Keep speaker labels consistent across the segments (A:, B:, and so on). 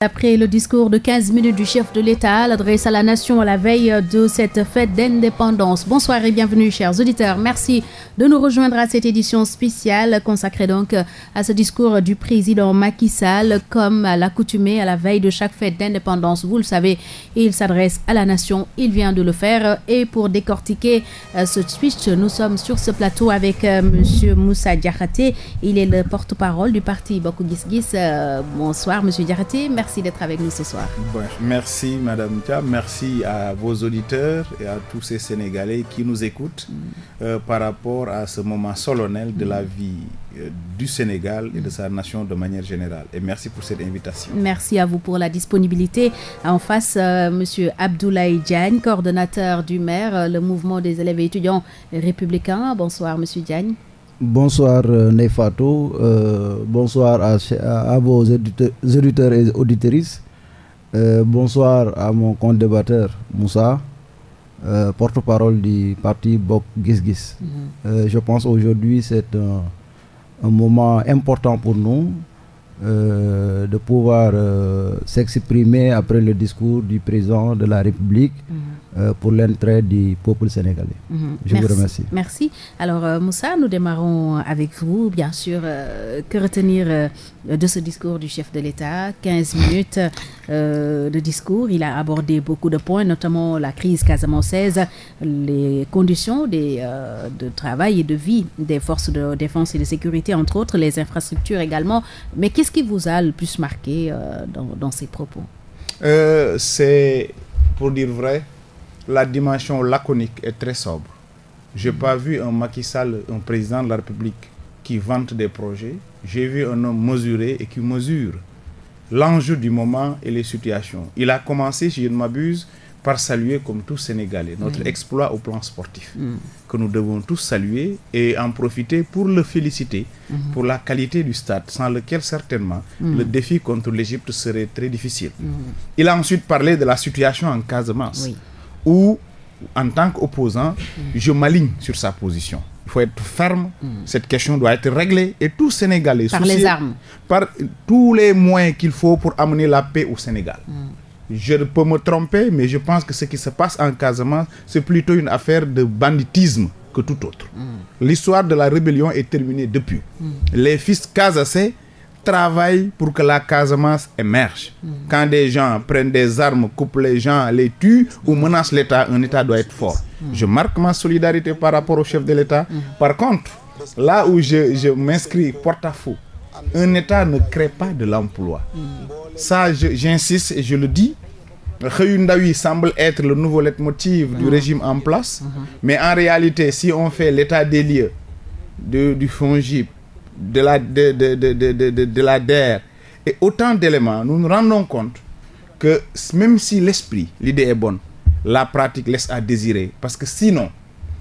A: Après le discours de minutes du chef de l'État, l'adresse à la nation à la veille de cette fête d'indépendance. Bonsoir et bienvenue chers auditeurs. Merci de nous rejoindre à cette édition spéciale consacrée donc à ce discours du président Macky comme à à la veille de chaque fête d'indépendance. Vous le savez, il s'adresse à la nation, il vient de le faire et pour décortiquer euh, ce speech, nous sommes sur ce plateau avec euh, monsieur Moussa Diakhaté, il parti Bokugis Merci d'être avec nous ce soir.
B: Bon, merci Madame Tia, merci à vos auditeurs et à tous ces Sénégalais qui nous écoutent mmh. euh, par rapport à ce moment solennel de la vie euh, du Sénégal et de sa nation de manière générale. Et merci pour cette invitation.
A: Merci à vous pour la En face, euh, Monsieur Abdoulaye Diagne, coordonnateur du maire, euh, le mouvement des élèves et étudiants républicains. Bonsoir Monsieur Diagne.
C: Bonsoir euh, Neifato, euh, bonsoir à, à vos auditeurs, et auditrices. Euh, bonsoir à mon co-débatteur Moussa, euh, porte-parole du parti Bok Gis Gis. Mm-hmm. Euh, je pense aujourd'hui c'est un, un, moment important pour nous euh, de pouvoir s'exprimer après le discours du président de la République. Mhm. euh, pour l'intérêt du peuple sénégal Mmh.
A: merci, Alors euh, Moussa, nous démarrons avec vous. Bien sûr, euh, que retenir euh, de ce discours du chef de l'État 15 minutes euh, de discours. Il a abordé beaucoup de points, notamment la crise casamançaise, les conditions des, de travail et de vie des forces de défense et de sécurité, entre autres, les infrastructures également. Mais qu'est-ce qui vous a le plus marqué dans, ces propos
B: C'est, pour dire vrai, la dimension laconique est très sobre. J'ai pas vu un Macky Sall, un président de la République qui vante des projets. J'ai vu un homme mesuré et qui mesure l'enjeu du moment et les situations. Il a commencé, si m'abuse, par saluer comme tous Sénégalais notre mmh. exploit au plan sportif mmh. que nous devons tous saluer et en profiter pour le féliciter mm-hmm. pour la qualité du stade sans lequel certainement mm. le défi contre l'Égypte serait très difficile. Mm-hmm. Il a ensuite parlé de la situation en où en tant qu'opposant je m'aligne sur sa position il faut être ferme mm. cette question doit être réglée et tout Sénégalais par les armes par tous les moyens qu'il faut pour amener la paix au Sénégal mm. je peux me tromper mais je pense que ce qui se passe en Casamance c'est plutôt une affaire de banditisme que tout autre mm. l'histoire de la rébellion est terminée depuis les fils casassais travaillent pour que la Casamance émerge. Mmh. Quand des gens prennent des armes, coupent les gens, les tuent ou menacent l'État, un État doit être fort. Hmm. Je marque ma solidarité par rapport au chef de l'État. Hmm. Par contre, là où je, je m'inscris porte-à-faux, un État ne crée pas de l'emploi. Hmm. Ça, j'insiste et je le dis. Xëyu ndaw yi semble être le nouveau leitmotiv du régime en place. Mais en réalité, si on fait l'état des lieux du de la de de de de de, de la DER et autant d'éléments nous nous rendons compte que même si l'esprit l'idée est bonne la pratique laisse à désirer parce que sinon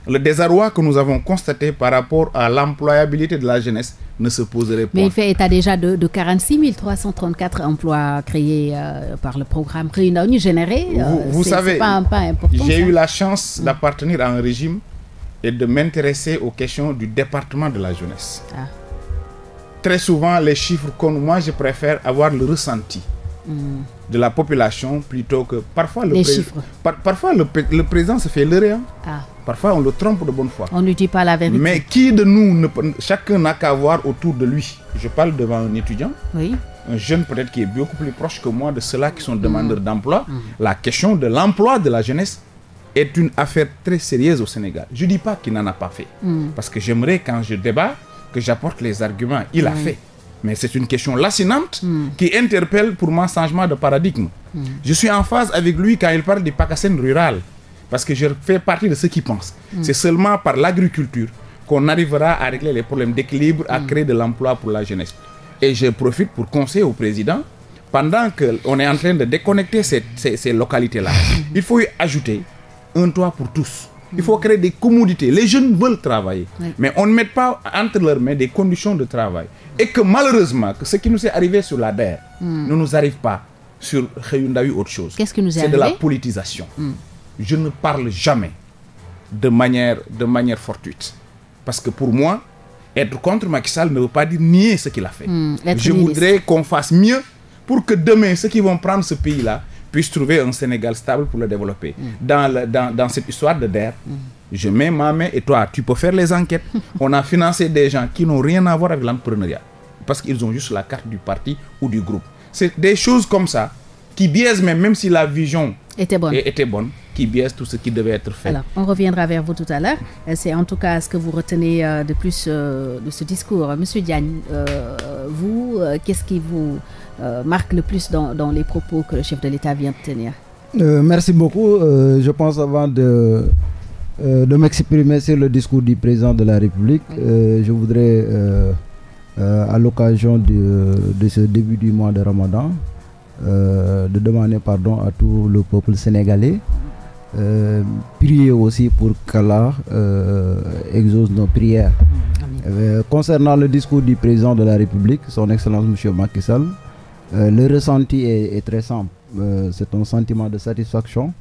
B: le désarroi que nous avons constaté par rapport à l'employabilité de la jeunesse ne se poserait pas. Mais il
A: fait état déjà de, de 46 334 emplois créés euh, par le programme Réunion généré. Euh, vous, vous savez, pas, pas important. J'ai eu
B: la chance mmh. d'appartenir à de m'intéresser aux questions du département de la jeunesse. Ah. très souvent les chiffres qu'on moi je préfère avoir le ressenti mmh. de la population plutôt que parfois le Par, parfois le, le, président se fait leurrer hein. ah. parfois on le trompe de bonne foi on
A: ne dit pas la vérité mais
B: qui de nous ne, chacun n'a qu'à autour de lui je parle devant un étudiant oui un jeune peut-être qui est beaucoup plus proche que moi de ceux-là qui sont demandeurs hmm. d'emploi, hmm. la question de l'emploi de la jeunesse est une affaire très sérieuse au Sénégal. Je ne dis pas qu'il n'en a pas fait. Mmh. Parce que j'apporte les arguments. Il mmh. a mm. fait. Mais c'est une question lacinante mmh. qui interpelle pour moi changement de paradigme. Mmh. Je suis en phase avec lui quand il parle des pacassènes rurales. Parce que je fais partie de ceux qui pensent. Mm. C'est seulement par l'agriculture qu'on arrivera à régler les problèmes d'équilibre, à mm. créer de l'emploi pour la jeunesse. Et je profite pour conseiller au président, pendant qu'on est en train de déconnecter ces, localités il faut ajouter Il faut créer des commodités. Les jeunes veulent travailler. Oui. Mais on ne met pas entre leurs mains des conditions de travail. Et que malheureusement, que ce qui nous est arrivé sur la DER hmm. ne nous arrive pas sur Réunion eu autre chose. C'est de la politisation. Mm. Je ne parle jamais de manière, de manière fortuite. Parce que pour moi, être contre Macky Sall ne veut pas dire nier ce qu'il a fait. Hmm, Je voudrais qu'on fasse mieux pour que demain, ceux qui vont prendre ce pays-là, puisse trouver un Sénégal stable pour le développer. Mm. Dans, le, dans, dans cette histoire de DER, mm. je mets ma main et toi, tu peux faire les enquêtes. On a financé des gens qui n'ont rien à voir avec l'entrepreneuriat parce qu'ils ont juste la carte du parti ou du groupe. C'est des choses comme ça qui biaisent même, même si la vision était bonne. Était bonne qui biaise tout ce qui devait être fait. Alors,
A: on reviendra vers vous tout à l'heure. Euh, c'est en tout cas ce que vous retenez euh, de plus euh, de ce discours. Monsieur Diagne, euh, vous, qu'est-ce qui vous euh, marque le plus dans, dans, les propos que le chef de l'État vient de tenir
C: euh, Merci beaucoup. Euh, je pense avant de, euh, de m'exprimer sur le discours du président de la République, oui. je voudrais, à l'occasion de, de, ce début du mois de Ramadan, de demander pardon à tout le peuple sénégalais. Euh, prier aussi pour qu'Allah euh, exauce nos prières. Euh, concernant le discours du président de la République, son Excellence M. Macky Sall, Euh, le ressenti est, est très simple. Euh, c'est un sentiment de satisfaction,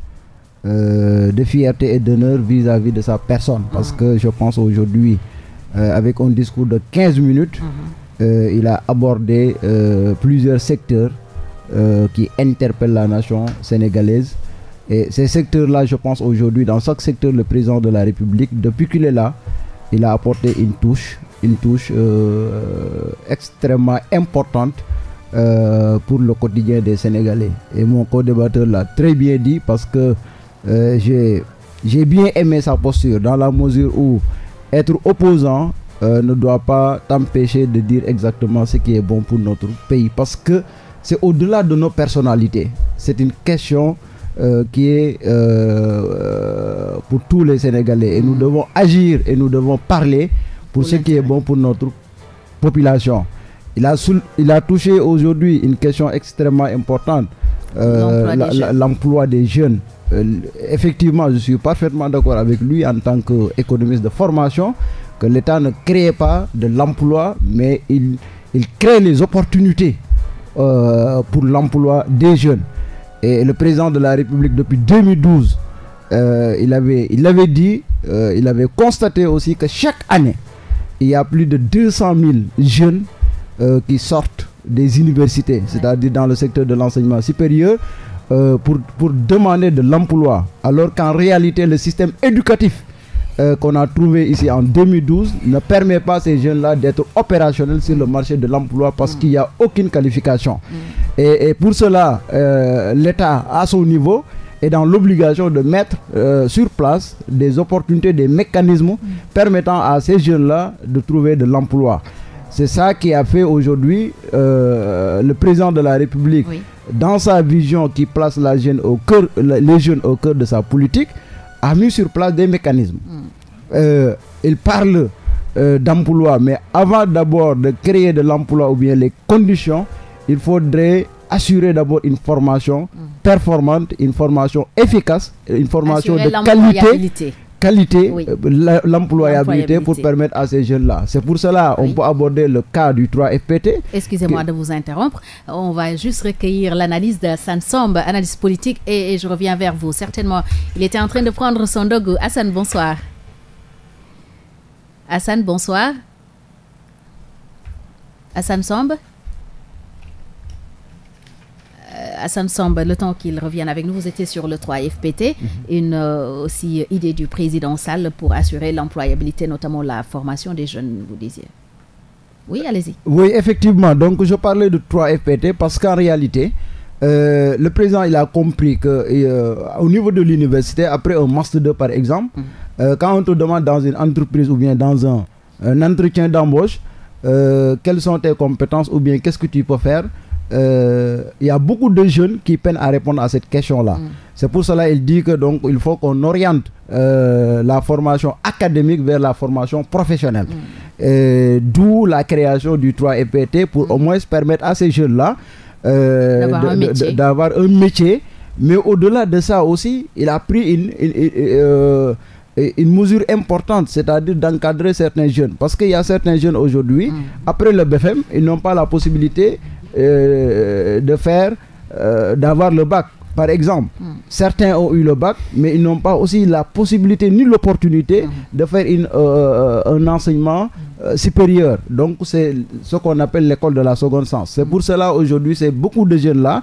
C: euh, de fierté et d'honneur vis-à-vis de sa personne. Parce que je pense aujourd'hui, euh, avec un discours de 15 minutes, mmh. il a abordé plusieurs secteurs qui interpellent la nation sénégalaise. Et ces secteurs-là, je pense aujourd'hui, dans chaque secteur, le président de la République, depuis qu'il est là, il a apporté une touche, une touche extrêmement importante euh, pour le quotidien des Sénégalais. Et mon co-débatteur l'a très bien dit parce que euh, j'ai bien aimé sa posture dans la mesure où être opposant euh, ne doit pas t'empêcher de dire exactement ce qui est bon pour notre pays parce que c'est au-delà de nos personnalités. C'est une question euh, qui est euh, euh pour tous les Sénégalais. Et nous mm. devons agir et nous devons parler pour, pour ce qui est bon pour notre population. Il a, soul, il a touché aujourd'hui une question extrêmement importante, euh, l'emploi des, jeunes. Euh, effectivement, je suis parfaitement d'accord avec lui en tant que qu'économiste de formation, que l'État ne crée pas de l'emploi, mais il, crée les opportunités euh, pour l'emploi des jeunes. Et le président de la République depuis 2012, euh, il, avait, il avait dit, euh, il avait constaté aussi que chaque année, il y a plus de jeunes euh, qui sortent des universités, c'est-à-dire dans le secteur de l'enseignement supérieur, euh, pour, pour demander de l'emploi, alors qu'en réalité le système éducatif euh, qu'on a trouvé ici en 2012 ne permet pas à ces jeunes-là d'être opérationnels sur le marché de l'emploi parce mmh. qu'il n'y a aucune qualification. Mm. Et, et, pour cela, euh, l'État, à son niveau, est dans l'obligation de mettre euh, sur place des opportunités, des mécanismes mmh. permettant à ces jeunes-là de trouver de l'emploi. C'est ça qui a fait aujourd'hui euh, le président de la République, dans sa vision qui place la jeune au cœur, les jeunes au cœur de sa politique, a mis sur place des mécanismes. Mm. Euh, il parle euh, d'emploi, mais avant d'abord de créer de l'emploi ou bien les conditions, il faudrait assurer d'abord une formation mm. performante, une formation efficace, une formation assurer de qualité qualité, oui. Euh, l'employabilité pour permettre à ces jeunes-là. C'est pour cela oui. on peut aborder le cas du 3FPT.
A: Excusez-moi de vous interrompre. On va juste recueillir l'analyse de Sansom, analyse politique, et, je reviens vers vous. Certainement, il était en train de prendre son dog. Hassan, bonsoir. Hassan, bonsoir. Hassan euh, Samb, le temps qu'il revienne avec nous, vous étiez sur le 3FPT, mmh. une euh, aussi idée du président Sall pour assurer l'employabilité, notamment la formation des jeunes, vous disiez. Oui, euh, allez-y.
C: Oui, effectivement. Donc, je parlais de 3FPT parce qu'en réalité, euh, le président il a compris que euh, au niveau de l'université, après un master 2 par exemple, mmh. euh, quand on te demande dans une entreprise ou bien dans un, un entretien d'embauche, euh, quelles sont tes compétences ou bien qu'est-ce que tu peux faire, euh, y a beaucoup de jeunes qui peinent à répondre à cette question-là. Mmh. C'est pour cela il dit que donc il faut qu'on oriente euh, la formation académique vers la formation professionnelle. Mmh. D'où la création du 3EPT pour mmh. moins permettre à ces jeunes-là euh, d'avoir un métier. Mais au-delà de ça aussi, il a pris une, une, une, mesure importante, c'est-à-dire d'encadrer certains jeunes. Parce qu'il y a certains jeunes aujourd'hui, mmh. après le BFM, ils n'ont pas la possibilité Euh, de faire, euh, d'avoir le bac, par exemple. Mm. Certains ont eu le bac, mais ils n'ont pas aussi la possibilité ni l'opportunité mm. de faire une, euh, euh, un enseignement supérieur. Donc c'est ce qu'on appelle l'école de la seconde sens. C'est hmm. pour cela aujourd'hui, c'est beaucoup de jeunes-là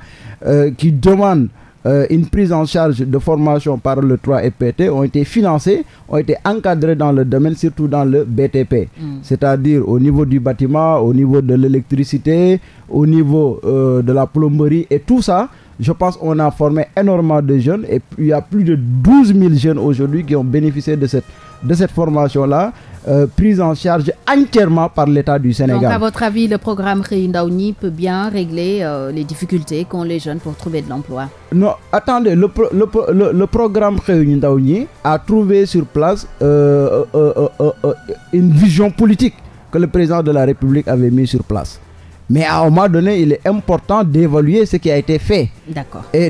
C: qui demandent euh, une prise en charge de formation par le 3FPT ont été financés, ont été encadrés dans le domaine, surtout dans le BTP. Mm. C'est-à-dire au niveau du bâtiment, au niveau de l'électricité, au niveau euh, de la plomberie et tout ça. Je pense qu'on a formé énormément de jeunes et il y a plus de jeunes aujourd'hui qui ont bénéficié de cette, de cette formation-là euh, prise en charge entièrement par l'État du Sénégal. Donc à votre
A: avis, le programme Xëyu Ndaw ñi peut bien régler euh, les difficultés qu'ont les jeunes pour trouver de l'emploi?
C: Non, attendez, le le, programme Xëyu Ndaw ñi a trouvé sur place euh, euh, euh, euh, une vision politique que le président de la République avait mis sur place. Mais à un moment donné, il est important d'évaluer ce qui a été fait.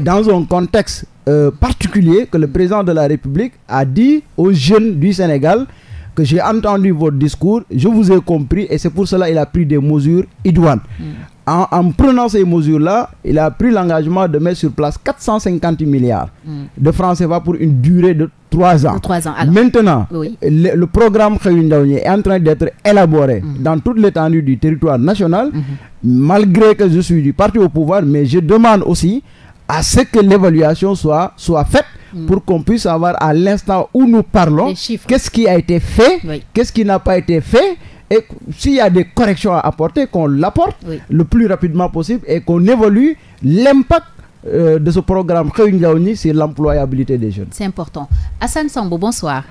C: dans un contexte euh, particulier que le président de la République a dit aux jeunes du Sénégal que j'ai entendu votre discours, je vous ai compris et c'est pour cela qu'il a pris des mesures idoines. Mm. En, prenant ces mesures-là, il a pris l'engagement de mettre sur place 450 milliards mm. de francs CFA pour une durée de 3 ans. De 3 Maintenant, le, le, programme Khayoun est en train d'être élaboré mm. dans toute l'étendue du territoire national, -hmm. malgré que je suis du parti au pouvoir, mais je demande aussi à ce que l'évaluation soit, soit faite mm. pour qu'on puisse avoir à l'instant où nous parlons, qu'est-ce qui a été fait, qu'est-ce qui n'a pas été fait. Et s'il y a des corrections à apporter, qu'on l'apporte oui. le plus rapidement possible et qu'on évolue l'impact euh, de ce programme Réunion Diaouni sur l'employabilité des jeunes.
A: C'est important. Hassan Sambo, bonsoir.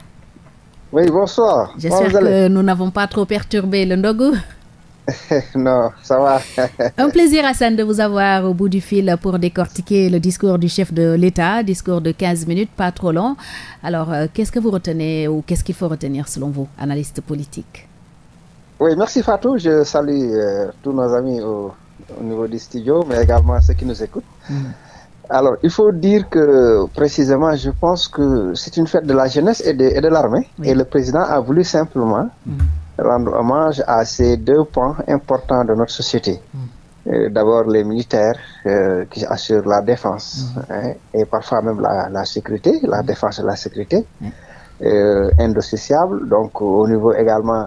D: bonsoir. J'espère que
A: nous n'avons pas trop perturbé le Ndogo.
D: non, ça va. Un
A: plaisir, Hassan, de vous avoir au bout du fil pour décortiquer le discours du chef de l'État, discours de 15 minutes, pas trop long. Alors, euh, qu'est-ce que vous retenez ou qu'est-ce qu'il faut retenir selon vous, analyste politique
D: Oui, merci Fatou. Je salue euh, tous nos amis au, niveau du studio, mais également ceux qui nous écoutent. Mm. Alors, il faut dire que précisément, je pense que c'est une fête de la jeunesse et de, l'armée. Et le président a voulu simplement... Mm. rendre hommage à ces deux points importants de notre société. Hmm. Euh, D'abord les militaires euh, qui assurent la défense hmm. hein, et parfois même la, la sécurité, la hmm. défense et la sécurité, euh, indissociables. Donc au niveau également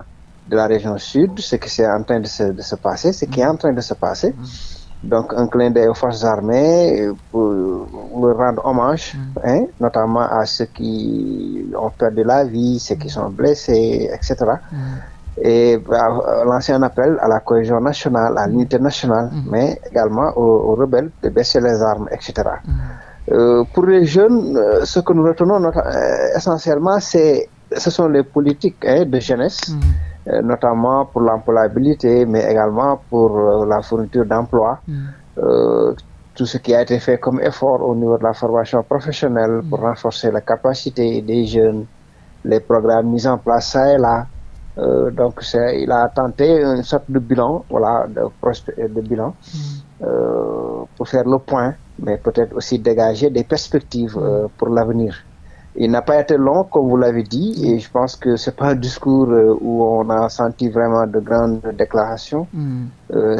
D: de la région sud, ce qui est en train de se, de se passer, ce qui est en train de se passer. Donc un clin d'œil aux forces armées euh, pour leur rendre hommage, mm. hein, notamment à ceux qui ont perdu la vie, ceux qui sont blessés, etc. Mm. et lancer un appel à la cohésion nationale, à l'unité nationale, mmh. mais également aux, aux, rebelles de baisser les armes, etc. Mmh. Euh, pour les jeunes, euh, ce que nous retenons notre, euh, essentiellement, c'est, ce sont les politiques hein, de jeunesse, mmh. euh, notamment pour l'employabilité, mais également pour euh, la fourniture d'emplois mhm. euh, tout ce qui a été fait comme effort au niveau de la formation professionnelle pour mhm. renforcer la capacité des jeunes, les programmes mis en place ça et là, Euh, donc c'est il a tenté une sorte de bilan, voilà, de, euh, de bilan mmh. euh, pour faire le point, mais peut-être aussi dégager des perspectives euh, mm. pour l'avenir. Il n'a pas été long, comme vous l'avez dit, et je pense que c'est pas un discours euh, où on a senti vraiment de grandes déclarations. Mmh.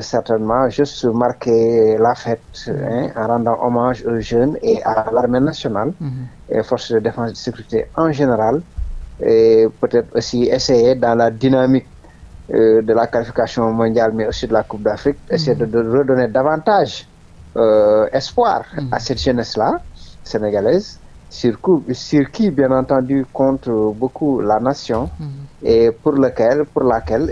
D: certainement, juste marquer la fête mm. hein, en rendant hommage aux jeunes et à l'armée nationale mmh. et aux forces de défense et de sécurité en général. peut-être aussi essayer dans la dynamique euh, de la qualification mondiale mais de la Coupe d'Afrique, essayer de, redonner davantage euh, espoir mmh. à mm. cette jeunesse-là, sénégalaise, sur, sur, qui bien entendu compte la nation mmh. et pour lequel, pour laquelle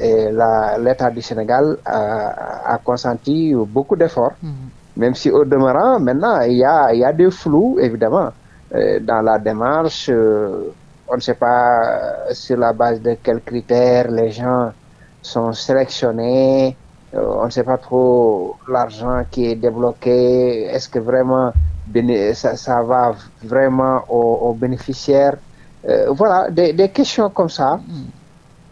D: l'État la, du Sénégal a, a consenti beaucoup d'efforts. Mm. Même si au demeurant, maintenant, il y a, des flous, évidemment, euh, dans la démarche. Euh, on ne sait pas sur la base de quels critères les gens sont sélectionnés, euh, on ne sait pas trop l'argent qui est débloqué, est-ce que vraiment ça, ça, va vraiment aux, aux bénéficiaires. Euh, voilà, des, des, questions comme ça. Mm.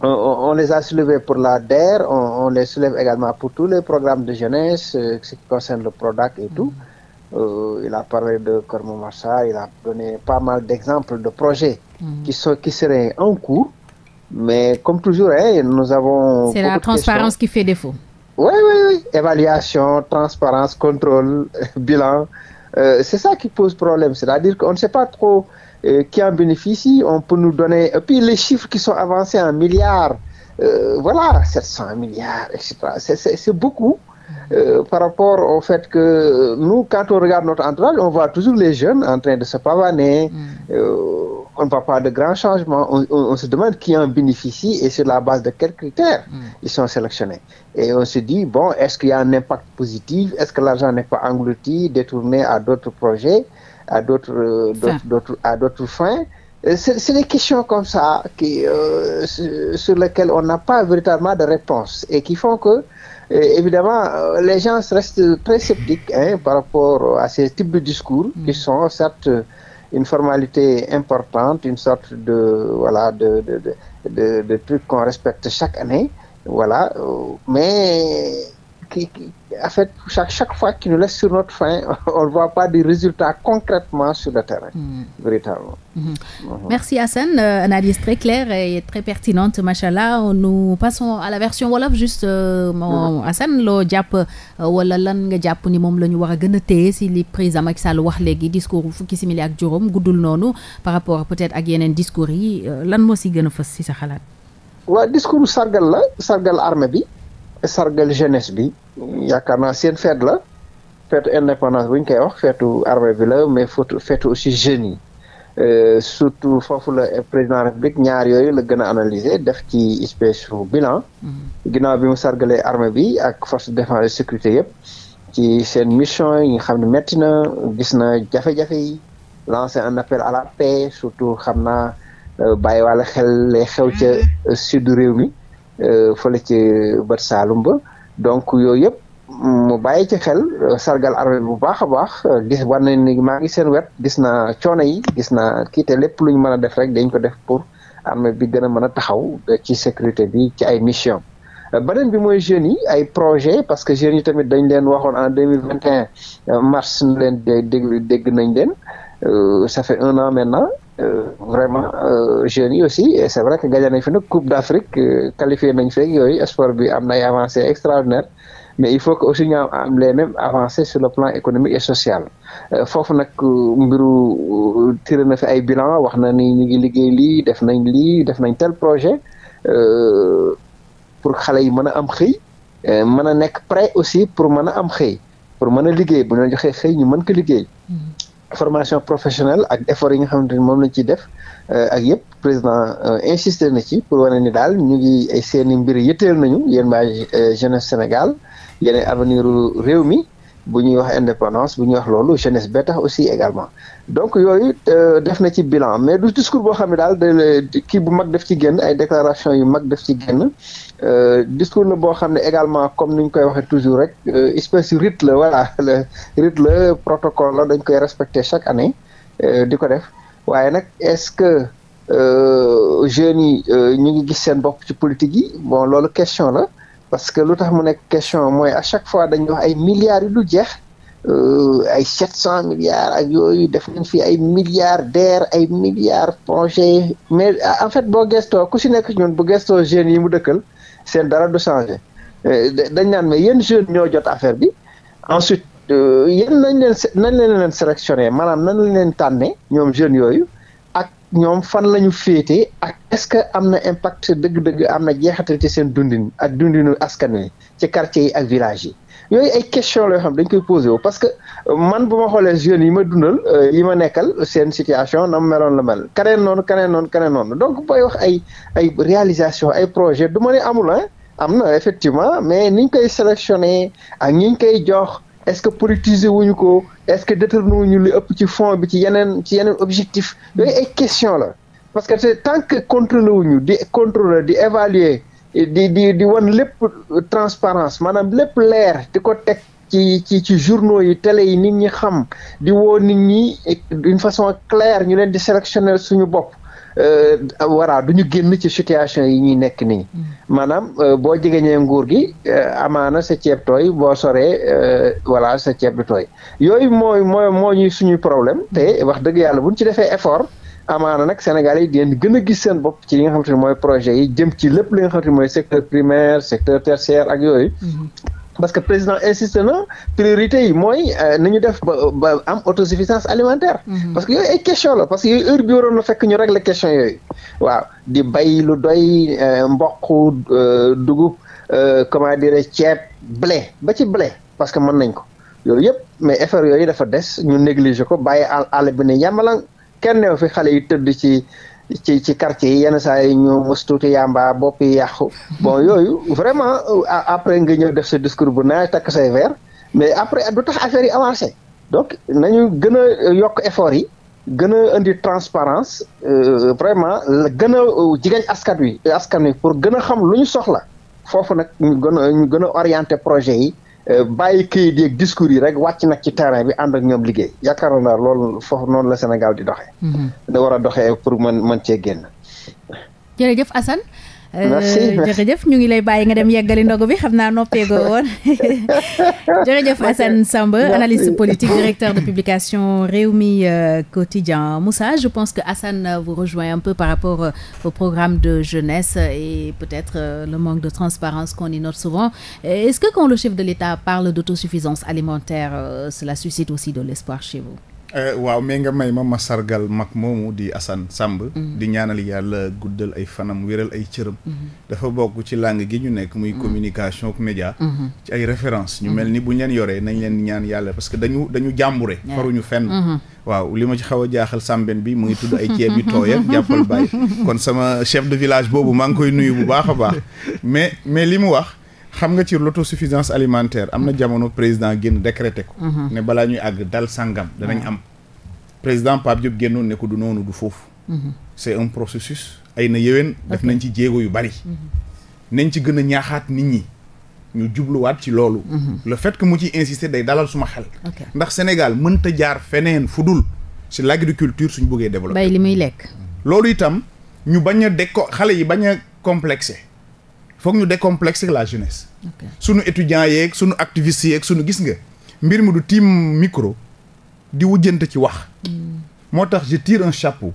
D: On, on, les a soulevées pour la DER, on, on, les soulève également pour tous les programmes de jeunesse, euh, ce qui concerne le PRODAC et tout. Mm. Euh, il a parlé de Kormomassa, il a donné pas mal d'exemples de projets mmh. qui, sont, qui seraient en cours. Mais comme toujours, hey, nous avons. C'est la transparence qui fait défaut. Oui, oui, oui. Évaluation, transparence, contrôle, bilan. Euh, c'est ça qui pose problème. C'est-à-dire qu'on ne sait pas trop euh, qui en bénéficie. On peut nous donner. Et puis les chiffres qui sont avancés en milliards. Euh, voilà, 700 milliards, etc. C'est beaucoup. euh, par rapport au fait que nous, quand on regarde notre entourage, on voit toujours les jeunes en train de se pavaner. Mm. Euh, on ne voit pas de grands changements. On, on, on, se demande qui en bénéficie et sur la base de quels critères mm. ils sont sélectionnés. Et on se dit, bon, est-ce qu'il y a un impact positif Est-ce que l'argent n'est pas englouti, détourné à d'autres projets, à d'autres euh, à d'autres fins euh, c'est des questions comme ça qui, euh, sur lesquelles on n'a pas véritablement de réponse et qui font que Euh, évidemment, euh, les gens restent très sceptiques par rapport à ces types de discours mmh. qui mm. sont certes une formalité importante, une sorte de voilà de, de, de, de, de truc qu'on respecte chaque année, voilà, euh, mais qui, qui, en fait, chaque, chaque fois qu'ils nous laissent sur notre faim, on ne voit pas des résultats concrètement sur le terrain, mmh. véritablement.
E: Mmh.
A: Merci Hassan, euh, analyse très claire et très pertinente, machallah. Nous passons à la version wolof juste euh, moom mhm. Hassan loo jàpp euh, wala lan nga jàpp ni moom la ñu war a gën a téye si li président Macky Sall wax léegi discours bu fukki simili ak juróom guddul noonu par rapport peut-être ak yeneen discours yi euh, lan moo si gën a fës si sa xalaat.
D: waaw discours sargal la sargal armée bi. sargal jeunesse bi yaakaar naa seen fête la fête indépendance bu ñu koy wax feetu armée bi la mais feetu feetu aussi jeunes yi euh, surtout foofu la président république ñaar yooyu la gën a analyser def ci espèce su bilan mm-hmm. ginnaaw bi mu sargalee armée bi ak force de sécurités et yëpp ci seen mission yi nga xam ne métti na gis na jafe-jafe yi lancer un appel à la paix surtout xam naa euh, bàyyi wàlla xel lay xew ca euh, sud réew mi Euh, fële ci bët saalum ba donc yooyu yëpp mu bàyyi ci xel euh, sargal armée bu baax a baax euh, gis war nañ ni maa ngi seen wet gis naa coono yi gis naa kii te lu ñu mën a def rek dañ ko def pour armée bi gën a mën a taxaw ci sécurité bi ci ay mission beneen bi mooy jeunes yi ay projet parce que jeunes yi tamit dañ leen waxoon en deux mille vingt et un mars ñu leen dégg nañ leen ça fait un an maintenant Euh, vraiment euh, jeunes yi aussi et c'est vrai que gagné nañ fi nag Coupe d'Afrique euh, qualifié nañ feeg yooyu sport bi am na ay avancées mais il faut que aussi ñu am les mêmes avancées sur le plan économique et sociale foofu nag mbiru tiré na fi ay bilan wax na ni ñu ngi liggéey lii def nañ lii def nañ tel projet pour xale yi mën a am xëy mën a nekk prêt aussi pour mën a am xëy pour mën a liggéey bu ñu la joxee xëy ñu mën ko liggéey mm. formation professionnelle ak effort yi nga xamante ni moom lañ ciy def euh, ak yëpp président euh, insisté na ci pour wane ni daal ñu ngi ay euh, seeni mbir yëtteel nañu yéen waa jeunesse Sénégal yeneen avenir réew mi bu ñuy wax indépendance bu ñuy wax loolu jeunesse bee tax aussi également donc yooyu euh, def na ci bilan mais du discours boo xam ne daal de kii bu mag def ci génn ay déclaration yu mag def ci génn euh, discours la boo xam ne également comme ni ñu koy waxee toujours rek euh, espèce rite la voilà le la protocole la dañ koy respecter chaque année di ko def waaye nag est-ce que jeunes yi ñu ngi gis seen bopp ci politique yi bon loolu question la parce que lu tax mu nekk question mooy à chaque fois dañuy wax ay milliards yu du jeex euh, ay sept cent milliards ak yooyu def nañ fi ay milliardaires ay milliards projet mais euh, en fait boo gestoo ku si nekk ci ñun bu gestoo jeunes yi mu dëkkal seen dara du changé euh, dañ naan mais yéen jeunes ñoo jot affaire bi ensuite yéen nañ leen nañ leen leen sélectionné maanaam nañ leen tànnee ñoom jeunes yooyu ñoom fan la ñu féete ak est-ce que am na impact dëgg-dëgg am na jeexital ci seen dundin ak dundinu askan wi ci quartier yi ak village yi yooyu ay question la yoo xam dañ koy posé wu parce que euh, man bu ma xoolee jeunes yi ma dundal euh, yi ma nekkal seen situation na meloon la mel keneen noonu keneen noon keneen noonu donc booy wax ay ay réalisation ay projet du ma ne amul am na effectivement mais niñ koy sélectionné ak ñiñ koy jox est-ce que politiser wuñu ko est-ce que détourné ñu li ëpp ci fond bi ci yeneen ci yeneen objectif yooyu ay question la parce que tant que wu ñu di contrôler di évaluer di di di wan lépp transparence maanaam lépp leer di ko teg ci ci ci journaux yi télé yi nit ñi xam di woo nit ñi d'une façon claire ñu leen di sélectionner suñu bopp voilà du ñu génn ci situation yi ñuy nekk nii mm. maanaam euh, boo jegeñee nguur gi euh, amaana sa ceeb tooy boo soree euh, voilà sa ceeb du tooy yooyu mooy mooy moo ñuy suñuy problème te wax dëgg yàlla bu buñ ci defee effort amaana nag Sénégal yi deen gën a gis seen bopp ci li nga xam ne mooy projet yi jëm ci lépp li nga xam te ne mooy secteur primaire secteur tertiaire ak yooyu mm-hmm. parce que président insiste na priorité yi mooy euh, na ñu def ba ba am autosuffisance alimentaire. Mhm. parce que yooyu ay question la parce que yooyu heure bi waroon na fekk ñu régler question yooyu waaw di bay lu doy euh, mboq euh, dugub comment dire ceeb blé ba ci blé parce que mën nañ ko yooyu yëpp mais effort yooyu dafa des ñu négliger ko bàyyi àll bi ne yàmmalang kenn neew fi xale yi tëdd ci. ci ci quartier yi yenn saa yi ñu mës tuuti yàmba bopp yi yàqu bon yooyu vraiment après nga ñëw def sa discours bu naaj takk say verre mais après du tax affaire yi avancé donc nañu gën a yokk effort yi gën a indi transparence euh, vraiment gën a jigéen askan wi askan wi pour gën a xam lu ñu soxla foofu nag ñu gën ñu gën a orienté projet yi Euh, bàyyi kayit yeeg discours yi rek wàcc na ci terrain bi ànd ak ñoom liggéey yaakaaroon naa loolu foofu noonu la Sénégal di doxee. Mhm. da war a doxee pour mën mën cee génn.
A: jërëjëf Assane Euh, merci jërëjëf ñu ngi lay bàyyi nga dem yeggali ndogu bi xam naa noppeegoo woon jërëjëf Assane Samb analyste politique directeur de publication Rewmi euh, Quotidien Moussa je pense que Assane euh, vous rejoint un peu par rapport au programme de jeunesse et peut-être le manque de transparence qu'on y note souvent est-ce que quand le chef de l'État parle d'autosuffisance alimentaire cela suscite aussi de l'espoir chez vous
B: Eh, waaw mais nga may ma ma sargal mag moomu di Assane Samb mm-hmm. di ñaanal yàlla guddal ay fanam wéral ay cëram mm-hmm. dafa bokk ci langue gi ñu nekk muy mm-hmm. communication ak média ci ay référence ñu mel ni bu ñu leen yoree nañ leen ñaan yàlla parce que dañu dañu jàmbure faruñu fenn waaw li ma ci xaw a jaaxal sàmben bi mu ngi tudd ay ceeb yu tooy ak jàppal bàyyi kon sama chef de village boobu maa ngi koy nuyu bu baax a baax mais mais li mu wax xam nga ci suffisance alimentaire am na jamono président génn décrété ko. Mhm. ne balaa ñuy àgg dal sangam danañ mhm. am. président Pape Diop génnoon ne ko du noonu du foofu. Mhm. c'est un processus. ay na yéwén def nañ ci jéego yu bari. nañ ci gën a ñaaxaat nit ñi ñu jubluwaat ci loolu. le fait que mu ci insister day dalal suma xel. ndax Sénégal mënta jaar feneen fu dul si l'agriculture suñu bëggee développer.
A: bay li muy lekk.
B: loolu itam ñu bañ a dekko xale yi bañ a complexé. foog ñu décomplexer la jeunesse. Okay. sunu étudiants yeeg sunu activistes yeeg sunu gis nga mbir mi du tiim micro di wujjante ci wax. Mm. moo tax je tire un chapeau.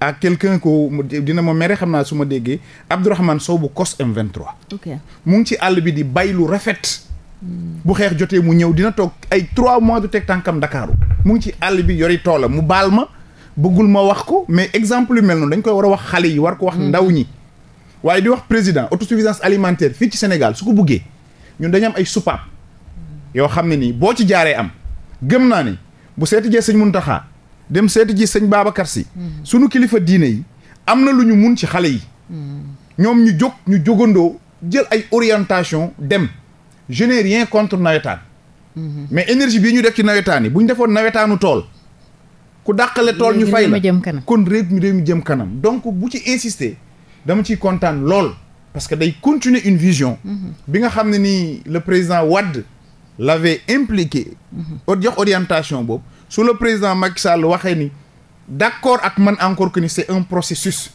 B: à quelqu'un ko dina ma mere xam naa su ma déggee Abdourahmane Sow bu COS M23. ok mu ngi ci àll bi di bay lu rafet. Mm. bu xeex jotee mu ñëw dina toog ay trois mois du teg tànkam Dakaaru mu ngi ci àll bi yori toolam mu baal ma bëggul ma wax ko mais exemple yu mel noonu dañ koy war a wax xale yi war ko wax mm. ndaw ñi. waaye di wax président autosuffisance alimentaire fii ci Sénégal su ko buggee ñun dañu am ay soupape yoo xam ne nii boo ci jaaree am gëm naa ni bu seeti jee sëñ taxaa dem seeti ji sëñ Babacar Si sunu kilifa diine yi am na lu ñu mun ci xale yi ñoom ñu jóg ñu jógandoo jël ay orientation dem je n'ai rien contre nawetaan mais énergie bii ñu def ci nawetaan yi bu ñu defoon nawetaanu tool ku dàqale tool ñu fay la kon réew mi jëm kanam donc bu ci insister dama ciy kontaan lool parce que day continuer une vision mhm. bi nga xam ne nii le président wadd Wade l'avait impliquer mhm. jox orientation boobu su le président Macky Sall waxee ni d'accord ak man encore que ni c'est un processus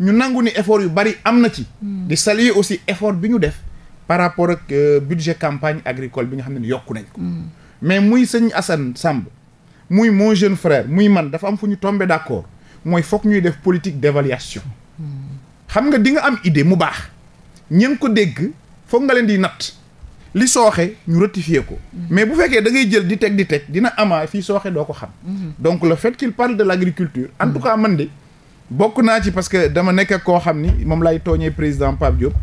B: ñu nangu ni effort yu bari am na ci mhm. di saluer aussi effort bi ñu def par rapport ak euh, budget campagne agricole bi nga xam ne yokku nañ ko mais muy sëñ Assane Samb muy mon jeune frère muy man dafa am fu ñu tombé d'accord mooy foog ñuy def politique d'évaluation xam nga di nga am idée mu baax ña ko dégg foog nga leen di natt li sooxee ñu rectifier ko mhm. mais bu fekkee da ngay jël di teg di teg dina amaa fii sooxee doo ko xam mhm. donc le fait qu'il parle de l'agriculture en tout mhm. cas man de bokk naa ci parce que dama nekk koo xam ni moom lay tooñee président Pape Diop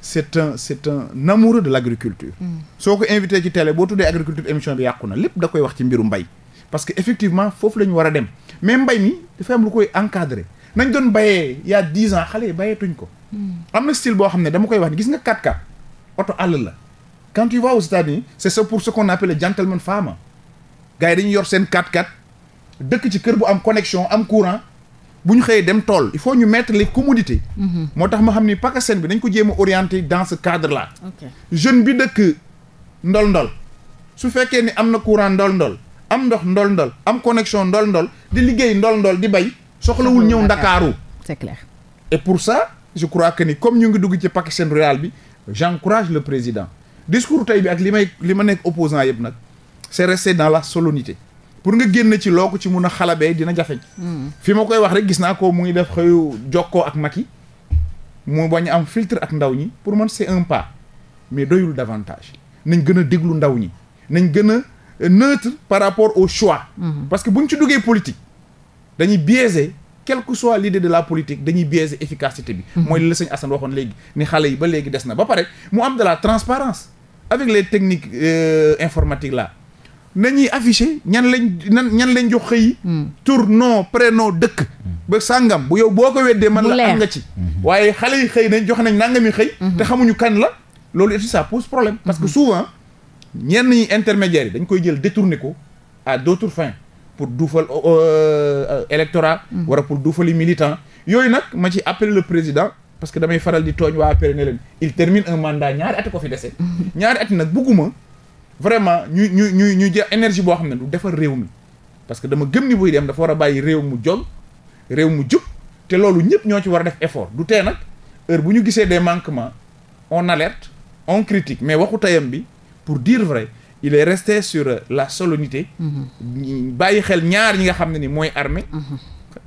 B: c'est un c'est un amoureux de l'agriculture soo ko invité ci télé boo tuddee agriculture émission bi yàqu na lépp da koy wax ci mbiru mbay parce que effectivement foofu la ñu war a dem mais mbay mi dafa am koy encadrer nañ doon bayee yaa a dix ans xale yi bayeetuñ ko. Hmm. am na style boo xam ne dama koy wax ni gis nga 4x4 oto àll la. quand tu vas aux États-Unis c' est ça pour ce qu'on gentleman farmer gars yi dañuy yor seen 4 x dëkk ci kër bu am connexion am courant bu ñu xëyee dem tool il faut ñu mettre les commodités. Hmm. moo tax ma xam ni PACASEN bi dañ ko jéem a orienté dans ce cadre là. jeune bi dëkk ndol-ndol su fekkee ni am na courant ndol-ndol am ndox ndol-ndol am connexion ndol-ndol di liggéey ndol-ndol di bay. soxlawul ñëw ndakaaru c'est clair et pour ça je crois que ni comme ñu ngi dugg ci pakistan royal bi j'encourage le président discours tey bi ak li may li ma nekk opposant yëpp nag c'est resté dans la solennité pour nga génn ci loo ko ci mun a xalabee dina jafeñ hmm. fi ma koy wax rek gis naa ko mu ngi def xëyu jokkoo ak Macky mu bañ am filtre ak ndaw ñi pour man c'est un pas mais doyul davantage nañ gën a déglu ndaw ñi nañ gën a neutre par rapport au choix hmm. parce que bu buñ ci duggee politique dañuy biaiser quelque que soit l'idée de la politique dañuy biaiser efficacité bi mhm. mooy li la sëñ Assane waxoon léegi ni xale yi ba léegi des na ba pare mu am de la transparence avec les techniques euh, informatique la là nañuy affiché ñan lañ nan ñan lañ jox xëy. Hmm. tur nom no dëkk. Hmm. ba sàngam bu yow boo ko weddee man la am nga ci. Hmm. waaye xale yi xëy nañ jox nañ nangami xëy. te xamuñu kan la. loolu aussi ça pose problème. parce que souvent ñenn ñi intermédiaires yi dañ koy jël détourné ko à d'autres fins. pour duufal euh, euh, électorat mm. wala pour duufali militant yooyu nag ma ci appelé le président parce que damay faral di tooñ waa APR ne leen il termine un mandat ñaari ati ko fi dese ñaari ati nag bugguma vraiment ñuy ñu ñu ñu jël énergie boo xam ne du defar réew mi parce que dama gëm ni buy dem dafa war a bàyyi réew mu jog réew mu jub te loolu ñëpp ñoo ci war a def effort du tee nag heure bu ñu gisee des manquement on alerte on critique mais waxu tayam bi pour dire vrai il est resté sur euh, la solennité mm-hmm. bàyyi xel ñaar ñi nga xam ne ni mooy armée mm-hmm.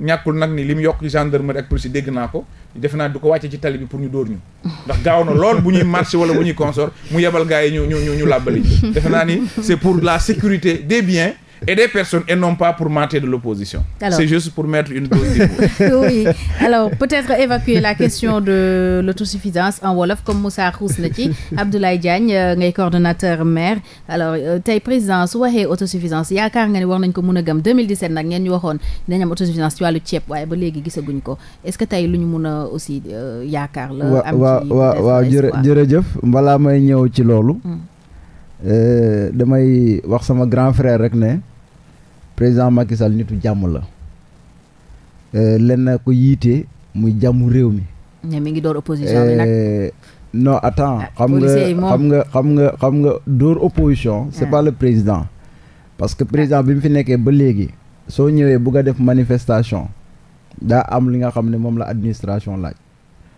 B: ñàkkul nag ni li mu yokk gendarmerie ak police dégg naa ko defe naa du ko wàcce ci tali bi pour ñu dóor ñu ndax gaaw na lool bu ñuy marché wala bu ñuy consort mu yebal gars yi ñu ñu ñu ñu làbbali defe naa ni c'est pour la sécurité des biens aider personne et non pas pour mater de l'opposition. C'est juste pour mettre une dose d'humour. oui.
A: Alors, peut-être évacuer la question de l'autosuffisance en wolof comme Moussa xuus na ci Abdoulaye Diagne euh, ngay coordonnateur maire. alors euh, tey président su waxee autosuffisance yaakaar nga ni war nañ ko mun a gëm 2017 nag ngeen ñu waxoon dinañ am autosuffisance ci wàllu ceeb waaye ba léegi gisaguñ ko est-ce que tey lu ñu mun a aussi euh, yaakaar la. am ci waaw waaw
C: waaw jërëjëf balaa may ñëw ci loolu. Hmm. Euh, damay wax sama grand frère rek ne président Macky Sall nitu jàmm la euh, lenn ko yiite muy jàmm réew mi.
A: ne mi ngi door opposition bi nag.
C: Euh, non attends ah, xam nga xam nga xam nga xam nga dóor opposition. c'est ah. pas le président. parce que président bi mu fi nekkee ba léegi. soo ñëwee bugg a def manifestation daa am li nga xam ne moom la administration laaj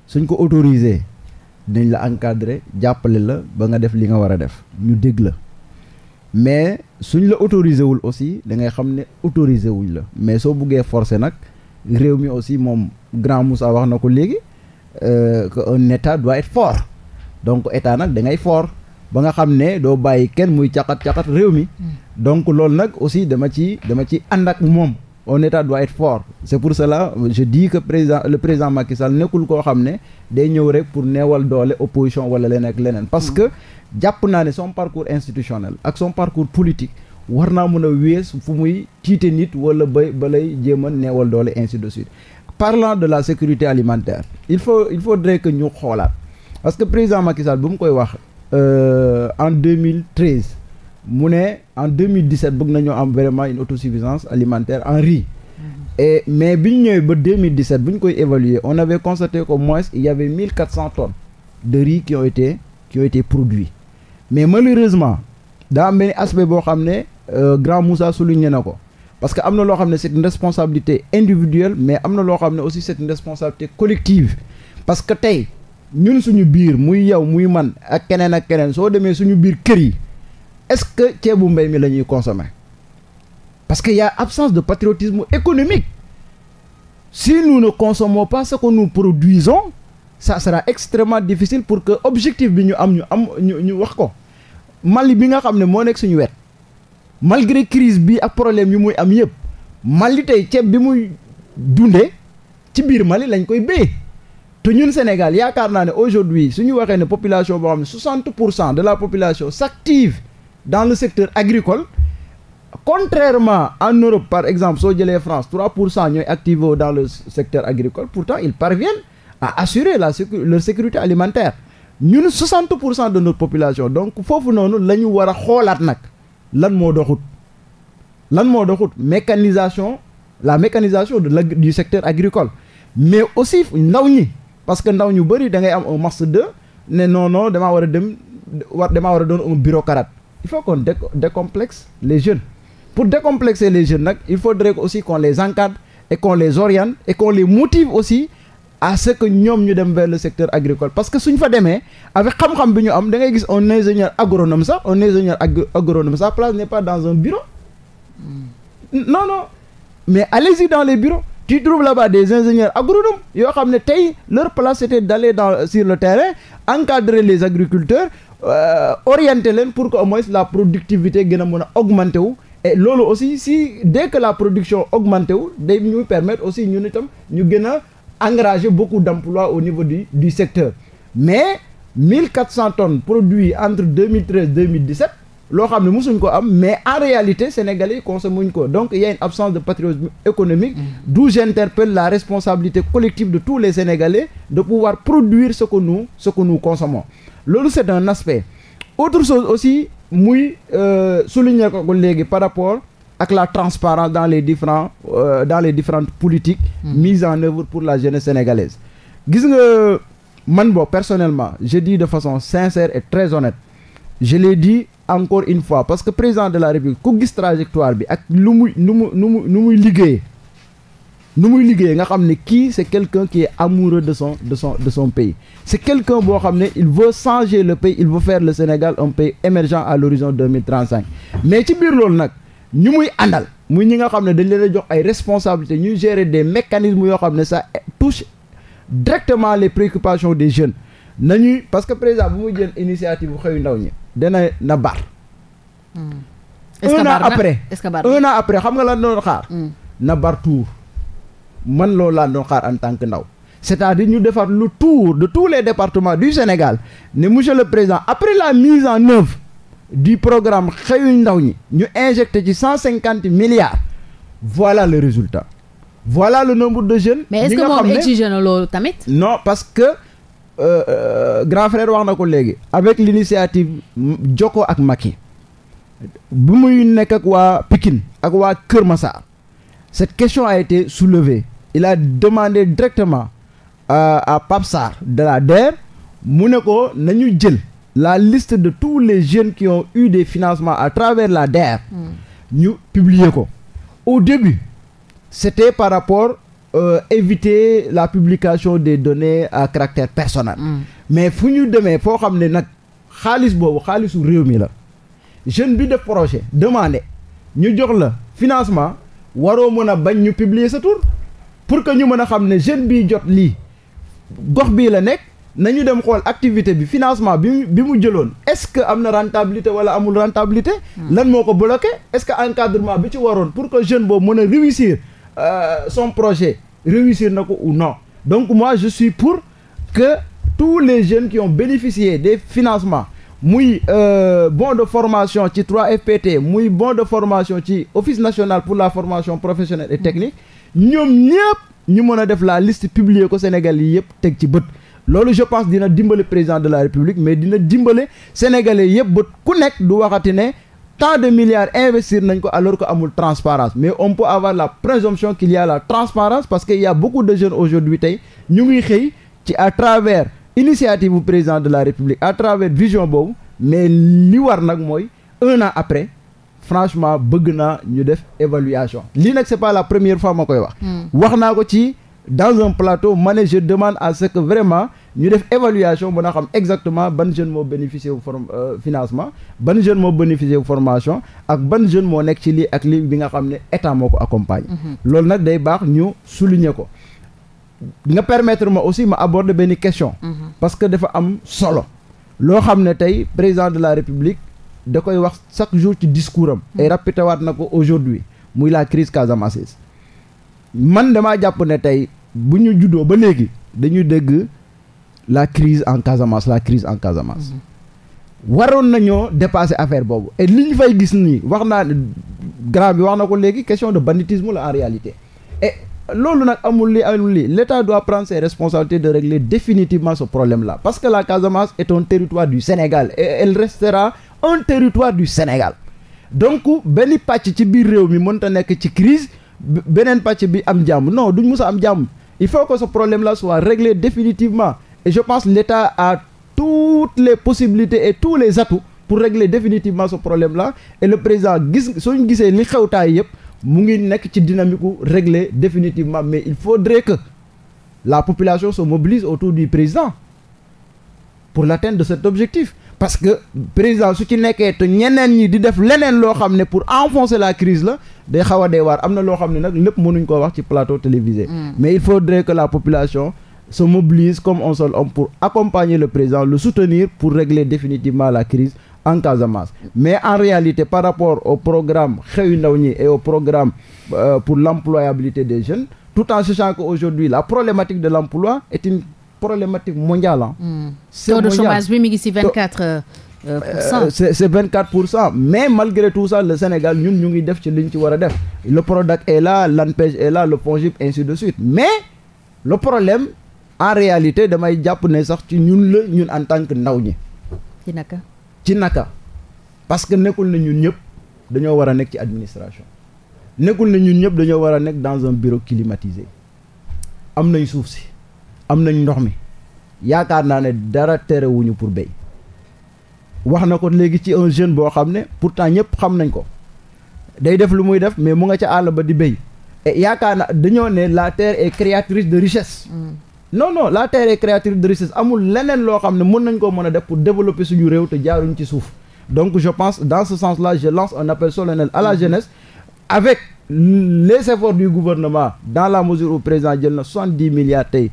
C: suñ ko autorisé dinañ la encadrer jàppale la ba nga def li nga war a def ñu dégg la mais suñ la autorisé wul aussi da ngay xam ne autorisé wuñ la mais soo buggee forcer nag réew mi aussi moom grand Moussa wax na ko léegi euh, que un état doit donc état nag da ngay fort ba nga xam ne doo bàyyi kenn muy caqat caqat réew mi mm. donc loolu nag aussi dama ci dama ci ànd ak moom. un état doit être fort c' est pour cela je dis que président le président Macky nekkul koo xam ne day ñëw rek pour neewal doole opposition wala leneen ak leneen parce que jàpp naa ne son parcours institutionnel ak son parcours politique war naa mën a wees fu muy tiite nit wala ba balay jéem a neewal doole ainsi de suite parlant de la sécurité alimentaire il faut il faudrait que ñu xoolaat parce que président Macky Sall mu koy wax euh, en 2013 mu ne en 2017 bëgg nañoo am vraiment une autosuffisance alimentaire en riz. Mm-hmm. et mais bi ñu ñëwee ba 2017 bu ñu koy évaluer on avait constaté qu'au moins il y avait 1400 tonnes de riz qui ont été qui produits mais malheureusement daa am benn aspect boo xam ne euh, grand Moussa souligné na ko parce que am na loo xam ne c'est responsabilité individuelle mais am na loo xam ne aussi c'est une responsabilité collective parce que tey ñun suñu biir muy yow muy man ak keneen ak keneen soo demee suñu biir kër yi. est-ce que ceebu mbay mi la ñuy consommer parce qu'il y a absence de patriotisme économique si nous ne consommons pas ce que nu produisons ça sera extrêmement difficile pour que objectif bi ñu am ñu am ñu ñu wax ko Mali bi nga xam ne moo nekk suñu wet malgré crise bi ak problème yu muy am yëpp Mali tey ceeb bi muy dundee ci biir Mali lañ koy béy te ñun Sénégal yaakaar naa ne aujourd'hui suñu waxee ne population boo xam ne 60 pour cent de la population s'active dans le secteur agricole contrairement en Europe par exemple soo jëlee France 3 pour cent ñooy activés dans le secteur agricole pourtant ils parviennent à assurer la sécu leur sécurité alimentaire ñun 60 pour cent de notre population donc foofu noonu la ñu war a xoolaat nag lan moo doxut lan moo doxut mécanisation la mécanisation de du secteur agricole mais aussi ndaw ñi parce que ndaw ñu bëri da ngay am un master 2 ne non damaa war a dem war damaa war a doon un bureaucrate il faut qu'on déco décomplexe les jeunes pour décomplexer les jeunes nag il faudrait aussi qu'on les encadre et qu'on les oriente et qu'on les motive aussi à ce que ñoom ñu dem vers le secteur agricole parce que suñ fa demee avec xam-xam bi ñu am da ngay gis un ingénieur agronome sax un ingénieur agronome sa place n'est pas dans un bureau non non mais allez-y dans les bureaux tu trouves là-bas des ingénieurs agronomes xam ne tey leur place c'était d'aller dans sur le terrain encadrer les agriculteurs Euh, orienter leen pour que au moins la productivité gën a mën a augmenter wu. loolu aussi si dès la production augmenté wu day ñu permettre aussi ñu ñun itam ñu gën a engager beaucoup d'emplois au niveau du du secteur mais 1400 tonnes produits entre 2013 2017 loo xam ne mosuñ ko am mais en réalité sénégalais yi ko donc il y a une absence de patriotisme économique mm. d'où j'interpelle la responsabilité collective de tous les sénégalais de pouvoir produire ce que nous ce que nous consommons loolu c'est un aspect autre chose aussi muy euh, souligner ko léegi par rapport ak la transparence dans les différents euh, dans les différentes politiques mmh. mises en œuvre pour la jeunesse sénégalaise gis nga man boo personnellement jeu dis de façon sincère et très honnête je l'ai dit encore une fois parce que président de la république ku gis trajectoire bi ak lu muy nu mu nu mu nu muy liggéey nu muy liggéey nga xam ne kii c' est quelqu'un qui est amoureux de son de son son pays c' est boo xam ne il veut changer le pays il veut faire le Sénégal un pays émergent à l'horizon 2035 mais ci biir loolu nag ñu muy àndal muy ñi nga xam ne dañ leen a jox ay responsabilités ñuy gérer des mécanismes yoo xam ne ça touche directement les préoccupations des jeunes na ñuy parce que président bu muy jël initiative bu xëyu ndaw ñi dana na bar hmm. un an après un an après xam nga lan doon xaar hmm. na bar man loolu laa doon xaar en tant que ndaw c'est-à-dire ñu defar lu tour de tous les départements du Sénégal ne monsieur le président après la mise en œuvre du programme xëyuñ ndaw ñi ñu injecté ci cent cinquante milliards voilà le résultats voilà le nombre de jeune mais est-ce que moom exigé
A: na loolu tamit.
C: non parce que euh, euh, grand frère wax na ko léegi. avec l'initiative Jokko ak Macky bu muy nekk ak waa Pikine ak waa Kër Massar Cette question a été soulevée. Il a demandé directement à, euh, à Pape Sarr de la DER mu ne ko nañu jël la liste de tous les jeunes qui ont eu des financements à travers la DER.
E: Hmm.
C: ñu publier ko. Au début c'était par rapport euh, éviter la publication des données à caractère personnel. Hmm. mais fu ñu demee foo xam ne nag xaalis boobu xaalisu réew mi la jeune bi def projet demandé ñu jox la financement waroo mën a bañ ñu publier sa pour que ñu mën a xam ne jeune bii jot lii gox bii la nekk nañu dem xool activité bi financement bi bi mu jëloon est-ce que am na rentabilité wala amul rentabilité. Hmm. lan moo ko bloqué est-ce que encadrement bi ci waroon pour que jeune boo mën a réussir euh, son projet réussir na ko ou non donc moi je pour que tous les jeunes qui ont bénéficié des financements. muy euh, bon de formation ci 3FPT muy bon de formation ci office national pour la formation professionnelle et technique ñoom ñëpp ñu mën a def la liste publier ko Sénégal yi yëpp teg ci bët loolu je pense dina dimbale président de la république mais dina dimbale sénégalais yëpp bët ku nekk du waxati ne tant de milliards investir nañ ko alors que amul transparence mais on peut avoir la présomption qu'il y a la transparence parce que il y a beaucoup de jeunes aujourd'hui tey ñu xëy ci à travers initiative bu président de la république à travers vision boobu mais li war nag mooy un an après franchement bëgg naa ñu def évaluation lii nag c'est pas la première fois ma koy wax hmm. wax naa ko ci dans un plateau ma ne demande à ce que vraiment ñu def évaluation ba nga xam exactement ban jeune moo bénéficier wu form euh, financement ban jeune moo bénéficier wu formation ak ban jeune moo nekk ci lii ak lii bi nga xam ne état moo ko accompagne hmm. loolu nag day baax ñu souligner ko nga permettre ma aussi ma aborder benn question. Mhm. parce que dafa am solo. loo xam ne tey président de la république da koy wax chaque jour ci discours am. Mhm. et répété waat na ko aujourd'hui muy la crise Casamance. man damaa jàpp ne tey bu ñu juddoo ba léegi dañuy dégg la crise en Casamance la crise en Casamance. Mhm. waroon nañoo dépasser affaire boobu et li ñu fay gis nii wax naa ne grand bi wax na ko léegi question de banditisme la en réalité loolu nag amul li amul li l'État doit prendre ses responsabilités de régler définitivement ce problème-là parce que la Casamance est un territoire du Sénégal et elle restera un territoire du Sénégal donc benn pàcc ci biir réew mi mënta nekk ci crise beneen pàcc bi am jàmm non duñ mus a am jàmm il faut que ce problème la soit réglé définitivement et je pense l'État a toutes les possibilités et tous les atouts pour régler définitivement ce problème-là et président gis suñu gisee li xewtaay yëpp mu ngi nekk ci dynamique u régler définitivement mais il faudrait que la population se mobilise autour du président pour l'atteinte de cet objectif parce que président su ci nekkee te ñeneen ñi di def leneen loo xam ne pour enfoncer la crise la day xaw a dee waar am na loo xam ne nag lépp mënuñ koo wax ci plateau télévisé mm. mais il faudrait que la population se mobilise comme un seul homme pour accompagner le président le soutenir pour régler définitivement la crise en Casamance mais en réalité par rapport au programme Xëyu Ndaw ñi et au programme euh, pour l'employabilité des jeunes tout en sachant qu'aujourd'hui la problématique de l'emploi est une problématique mondiale ah. mondial hmm. taux de chômage
A: bi mi ngi ci vingt quatre euh, euh, pour euh, cent.
C: vingt quatre pour cent mais malgré tout ça le Sénégal ñun ñu ngi def ci li ñu ci war a def le Prodac et là l'ANPEJ est là le FONGIP ainsi de suite mais le problème en réalité damay jàpp ne sax ci ñun la ñun en tant que ndaw ñi. ci naka. ci naka parce que nekkul ne ñun ñëpp dañoo war a nekk ci administration nekkul ne ñun ñëpp dañoo war a nekk dans un bureau climatisé am nañ suuf si am nañ ndox mi yaakaar naa ne dara terewuñu pour béy wax na ko léegi ci un jeune boo xam ne pourtant ñëpp xam nañ ko day def lu muy def mais mu nga ca àll ba di béy yaakaar na dañoo ne la terre et créatrice de richesse. Mm. non non la terre est créatrice amul leneen loo xam ne mën nañ koo mën a def pour développer suñu réew te jaaruñ ci suuf donc je pense dans ce sens là je lance un appel solennel à la mhm. jeunesse avec les efforts du gouvernement dans la mesure où président jël na soixante-dix milliards tey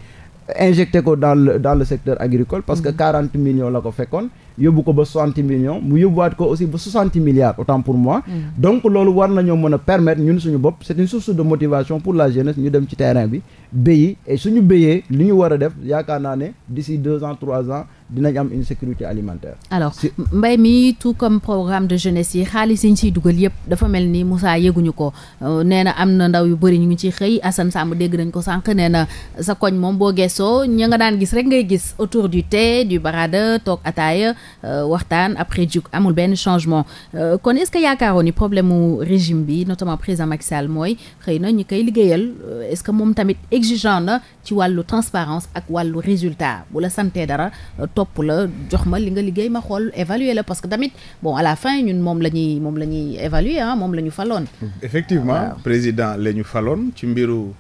C: injecté ko dans le dans le secteur agricole parce que mhm. quarante millions la ko fekkoon yóbbu ko ba soixante millions mu yóbbuwaat ko aussi ba soixante milliards autant pour moi. Mm. donc loolu war nañoo mën a permettre ñun suñu bopp c'est une source de motivation pour la jeunesse ñu dem ci terrain bi béyi et suñu béyee li ñu war a def yaakaar naa ne d'ici deux ans trois ans dinañ am une sécurité alimentaire.
A: alors mbay mi tout comme programme de jeunesse yi xaalis yi ñu ciy dugal yëpp dafa mel ni Moussa yëguñu ko euh, nee na am na ndaw yu bëri ñu ngi ciy xëy Assane Samb dégg nañ ko sànq nee na sa koñ moom boo geesoo ña nga daan gis rek ngay gis autour du thé du barada toog ataaya. Euh, waxtaan après jug amul benn changement euh, kon est-ce que yaakaaroon ni problème mu régime bi notamment président Macky Sall mooy xëy na ñi koy liggéeyal euh, est-ce que moom tamit exigeant na ci wàllu transparence ak wàllu résultat bu la santee dara topp la jox ma li nga liggéey ma xool évaluer la parce que tamit bon à la fin ñun moom la ñuy moom la ñuy évaluer ah moom la ñu faloon
B: effectivement président la ñu faloon ci mbiru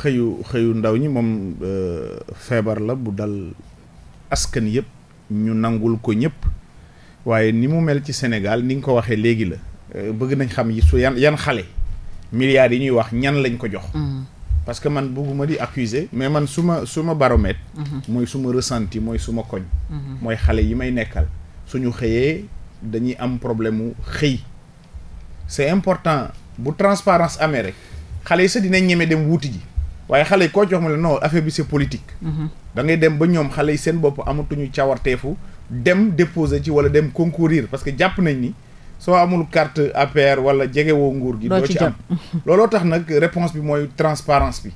B: xëyu xëyu ndaw ñi moom euh, feebar la bu dal askan yëpp ñu nangul ko ñëpp waaye ni mu mel ci Sénégal ni nga ko waxee léegi la euh, bëgg nañ xam yi su yan yan xale milliards yi ñuy wax ñan lañ ko jox mm-hmm. parce que man bëgguma di accuser mais man su ma suma ma mm-hmm. mooy suma ma mooy suma ma koñ
E: mm-hmm. mooy
B: xale yi may nekkal suñu xëyee dañuy am problème mu xëy c'est important bu transparence amee rek xale yi sax dinañ ñeme dem wuuti ji waaye xale yi koo jox ma la non affaire bi c'est politique. Mhm. dangay dem ba ñoom xale yi seen bopp amatuñu cawarteefu dem déposer ci wala dem concourir parce que jàpp nañ ni soo amul carte APR wala jegewoo nguur gi. doo ci am looloo tax nag réponse bi mooy transparence bi.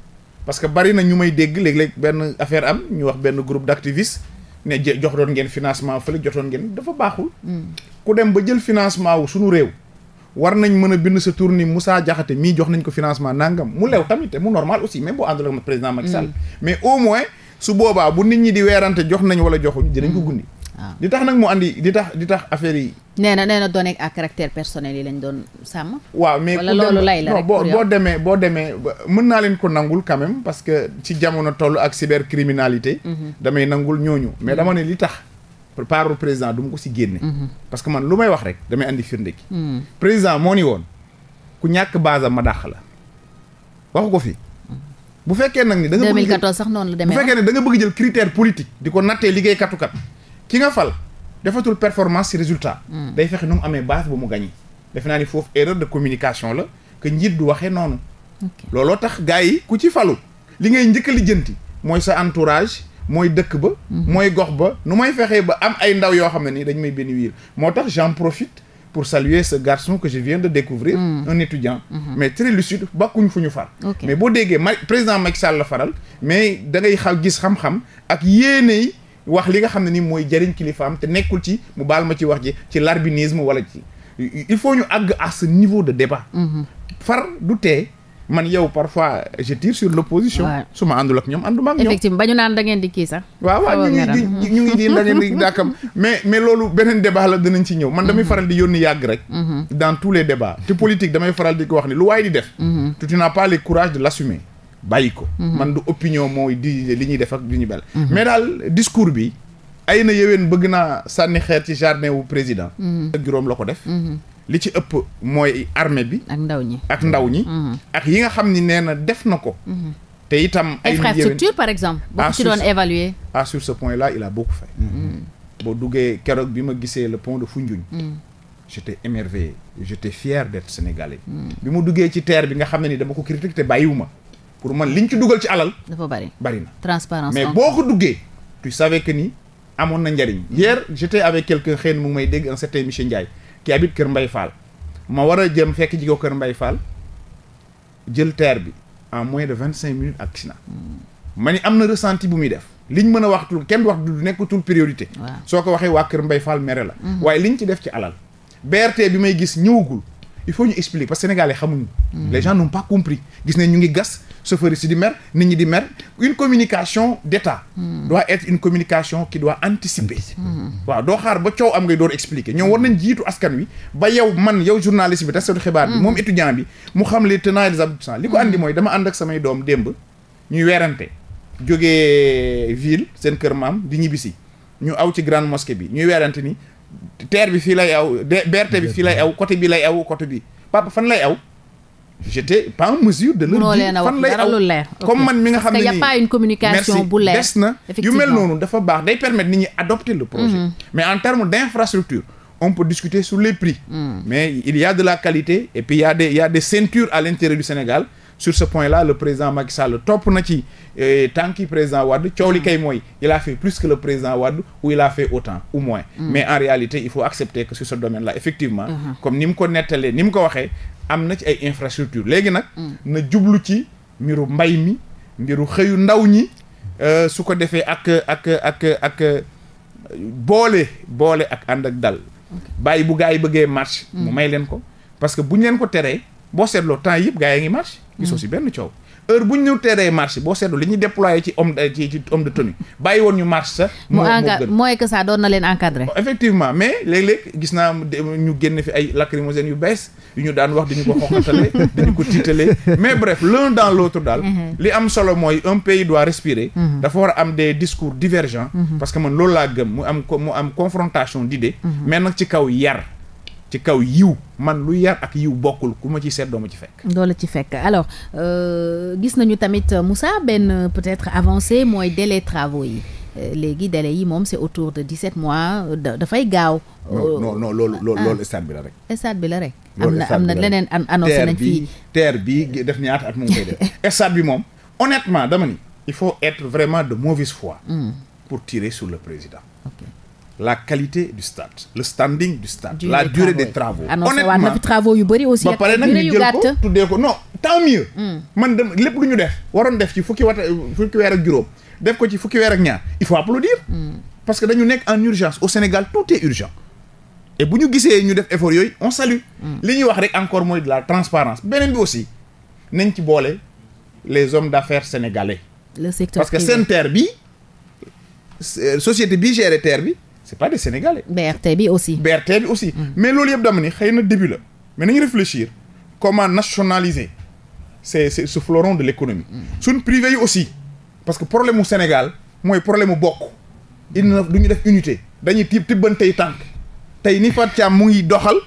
B: parce que bari na ñu may dégg léeg-léeg benn affaire am ñu wax benn groupe d'activistes ne jox doon ngeen financement fële jotoon ngeen dafa baaxul. Mm. ku dem ba jël financement wu suñu réew. war nañ mën a bind sa tur ni Moussa Diakhaté mii jox nañ ko financement nangam mu lew tamit te mu normal aussi même boo àndul ak président Macky Sall mm. mais au moins su boobaa bu nit ñi di weerante jox nañ wala joxuñ dinañ ko mm. gundi di ah. tax nag mu andi di tax di tax affaire yi
A: nee na nee na données à caractère personnel yi lañ doon sàmm waaw mais wala loolu lay la boo boo demee
B: boo demee mën naa leen ko nangul quand parce que ci jamono toll ak cybercriminalité mm-hmm. damay nangul ñooñu mais mm-hmm. dama li tax parole président du ma ko si génne. Mhm. parce que man lu may wax rek damay andi firnde gi. Mhm. président moo ni woon ku ñàkk base ma dàq la waxu ko fi. Mhm. bu fekkee nag ni da nga bëgg
A: sax noonu la demee bu fekkee
B: bëgg jël critère politique di ko nattee liggéey katukat ki nga fal defatul performance si résultat. day fexe nu mu amee base bu mu gagné. defe naa ni foofu erreur de communication la que njiit du waxee noonu. looloo tax gars yi ku ci falu li ngay njëkk a lijjanti mooy sa entourage. mooy dëkk ba mhm. mooy gox ba nu may fexee ba am ay ndaw yoo xam ne nii dañ may bénéficier moo tax j'en profite pour saluer ce garçon que je viens de découvrir mmh. un étudiant mhm. mais très lucide bokkuñ fu ñu far mais boo déggee ma président Macky Sall la faral mais da ngay xaw gis xam-xam ak yéeney wax li nga xam ne ni mooy jëriñ kilifaam te nekkul ci mu baal ma ci wax ji ci larbinisme wala ci il faut ñu àgg à sa niveau de débat mhm. far du tee man yow parfois je tire sur l'opposition su ma àndul ak ñoom ànduma ak ñoom
A: effectivement naan da ngeen di kii sax
B: waaw waaw ñu ngi di ñu ngi di da ngeen di dàkkam mais mais loolu beneen débat la danañ ci ñëw man damay mhm. faral di yónni yàgg rek mhm. dans tous les débats te politique damay faral di ko wax ni lu waaye di def mhm. tu n'as pas le courage de l'assumer bàyyi ko man du opinion mooy di li ñuy def ak li ñuy bel mais daal discours bi ay na yeween bëgg naa sànni xeer ci wu président juróom la ko def li ci ëpp mooy armée bi. ak ndaw ñi ak ndaw ñi. Mm-hmm. ak yi nga xam ni nee na def na ko. Mm-hmm. te itam ay infrastructure
A: par exemple. boo ah, ci doon évaluer
B: ah sur ce point là il a beaucoup fait. Mm-hmm. boo duggee keroog bi ma gisee le pont de Foundiougne. Mm. j'étais émerveillé j'étais fier d'être sénégalais. Mm. bi mu duggee ci terre bi nga xam ne ni dama ko critique te ma pour man liñ ci dugal ci alal. dafa bari bari na.
A: transparence mais boo ko
B: duggee. tu savais que ni amoon na njariñ. hier j'étais avec quelqu'un xëy na mu may dégg un certain monsieur Ndiaye. qui habite Kër Mbay Fall ma war a jëm fekk ji ko Kër Mbay Fall jël terre bi en moins de vingt cinq minutes ak Sina hmm. ma ni am na ressenti bu muy def liñ mën a waxtu kenn wax du nekkatul priorité soo ko waxee waa Kër Mbay Fall mere la hmm. waaye liñ ci def ci alal BRT bi may gis ñëwagul il faut ñu expliquer parce que sénégalais xamuñu hmm. les gens n'ont pas compris gis ne ñu ngi gas chauffeur di mer nit ñi di mer une communication d'État hmm. doit et une communication qui doit anticiper hmm. waaw doo xaar ba coow am ngay door expliquer ñoom war nañ jiitu askan wi ba yow man yow journaliste bi taskatu xibaar bi hmm. moom étudiant bi mu xam les tenants et les aboutissants li ko andi mooy dama ànd ak samay doom démb ñuy weerante joge ville seen kër maam di ñibbisi ñu aw ci grande mosquée bi ñuy weerante ni terre bi fii lay aw berte bi fii lay aw côté bi lay aw côté bi papa fan lay aw j'étais pas en mesure de leur dire fan lay aw comme man mi nga xam ne nii y a
A: pas bu leer des na yu mel noonu
B: dafa baax day permettre ni ñi adopter le projet mm-hmm. mais en termes d'infrastructure on peut discuter sur les prix mm. mais il y a de la qualité et puis il y a des il y a à l'intérieur du Sénégal sur ce point là le président Macky Sall topp na ci eh, tànki président Wade coow li mm. kay mooy il a fait plus que le président Wade ou il a fait autant ou moins mm. mais en réalité il faut accepter que sur ce domaine la effectivement mm-hmm. comme ni mu ko nettalee ni mu ko waxee am na ci ay infrastructure léegi nag mm. na jublu ci mbiru mbay mi mbiru xëyu ndaw ñi euh, su ko defee ak ak ak ak boole boole ak ànd ak dal bàyyi bu gaa yi bëggee marche mu may leen ko parce que bu ñu leen ko teree boo seetloo temps yëpp gaa yi ngi marché. gisoo si benn coow. heure bu ñu teree marché boo seetlu li ñuy déployé ci homme de tenue bàyyi woon ñu marché sax. moo moo
A: mooy que doon na leen encadré.
B: effectivement mais léeg-léeg gis naa ñu génn fi ay lacrymogènes yu bees yu ñu daan wax dañu ko xoxatale dañu ko tiitalee mais bref l'un dans l'autre daal. Mhm. li am solo mooy un pays doit respirer. Mhm. dafa war a am des discours divergents. Mhm. parce que man loolu laa gëm mu am mu am confrontation d'idées. mais nag ci kaw yar. ci kaw yiw man lu yar ak yiw bokkul ku ma ci seet doo ci fekk.
A: doo la ci fekk alors euh, gis nañu tamit euh, Moussa benn euh, peut-être avancé mooy délai travaux yi léegi délai yi moom c'est autour de set mois dafay gaaw.
B: non non loolu loolu ah. loolu bi la rek.
A: stade bi la rek. am na am na leneen annoncé nañ fii
B: terre bi bi def ñaata at mu ngi koy def stade bi moom honnêtement dama ni. il faut être vraiment de mauvaise foi. Hmm. pour tirer sur le président. la qualité du stade le standing du stade. la durée de travaux. honnêtement na fi travaux yu bëri aussi. ba pare nag ñu jël ko tuddee ko non tant mieux. Hmm. man dem lépp lu ñu def. waroon def ci fukki wat fukki weer ak juróom def ko ci fukki weer ak ñaar il faut applaudir hmm. parce que dañu nekk en urgence au Sénégal tout est urgent. et bu ñu gisee ñu def effort yooyu on salue. Hmm. li ñuy wax rek encore mooy de la transparence beneen bi aussi nañ ci boole les hommes d'affaires sénégalais. le secteur parce que seen terre bi euh, société bi géré bi. c'est pas des sénégalais. BRT bi aussi. BRT bi aussi. Mm. mais loolu yëpp dama ni xëy na début la mais nañu réfléchir comment nationaliser c'est c'est ce fleuron de l'économie. Mm. suñ privé yi aussi parce que problème mu Sénégal mooy problème mu bokk. il na du ñu def unité. dañuy tibb tey tànk tey ni Fatou Thiam mu ngi doxal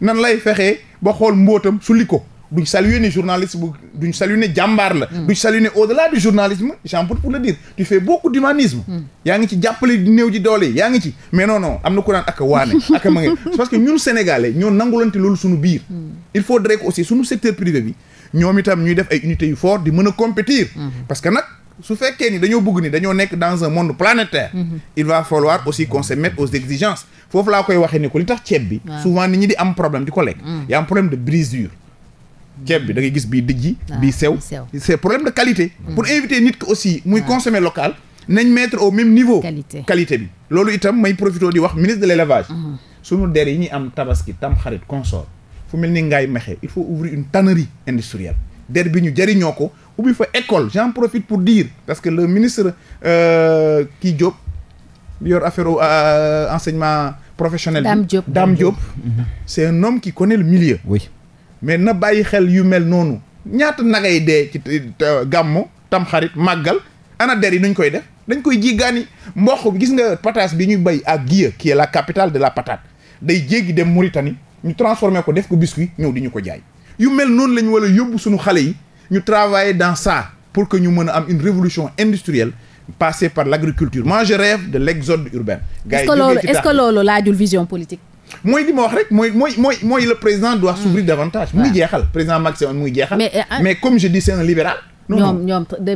B: nan lay fexee ba xool mbootam su li ko. duñ saluer ne journaliste bu duñ saluer ne jàmbaar la. Hmm. au delà du journalisme j'en pour le dire tu fais beaucoup d'humanisme. Hmm. yaa ngi ci jàppale néew ji doole yaa ngi ci mais non non am na ku naan ak waane ak ma parce que ñun sénégalais ñoo nangulante loolu suñu biir. Hmm. il faudrait que aussi suñu secteur privé bi ñoom itam ñuy def ay unités yu fort di mën a compétir. parce que nag. su fekkee ni dañoo bëgg ni dañoo nekk dans un monde planétaire mm -hmm. il va falloir foofu laa koy waxee ni ko li tax ceeb bi am problème di ko lekk y ceeb bi dangay gis bii dijji ah, bii sew c'est problème de qualité hmm. pour inviter nit ki aussi muy ah. consommer local nañ mettre au même niveau qualité bi loolu itam may profité di wax ministre de l'élevage hmm. suñu der yi ñuy am tabaski tam xarit consort fu mel ni ngaay mexe il faut ouvrir une tannerie industrielle der bi ñu jariñoo ko ubbi fa école j'en profite pour dire parce que le ministre euh, kii Diop yor affaire euh, enseignement professionnel Dame Diop Dame Diop mhm. c'est un homme qui connaît le milieu mais na bàyyi xel yu mel noonu ñaata nagay dee ci gàmmu tamxarit màggal ana der yi nuñ koy def dañ koy jiggaani mboq bi gis nga pataas bi ñu bay ak Guiya qui la capital de la patate day jéggi dem Mauritanie ñu transformé ko def ko biscuit ñëw di ñu ko jaay yu mel noonu la ñu war a yóbbu suñu xale yi ñu travailler dans ça pour que ñu mën a am une révolution industrielle passée par l'agriculture moi je rêve de l'exode urbain gars yi est-ce que
A: loolu laajul vision politique
B: mooy li ma wax rek mooy mooy mooy mooy le wax doit s'ouvrir hmm. davantage. mu ngi jeexal président Macky Sall mu ngi jeexal. Euh, mais comme je dis c'est un libéral. non wax de.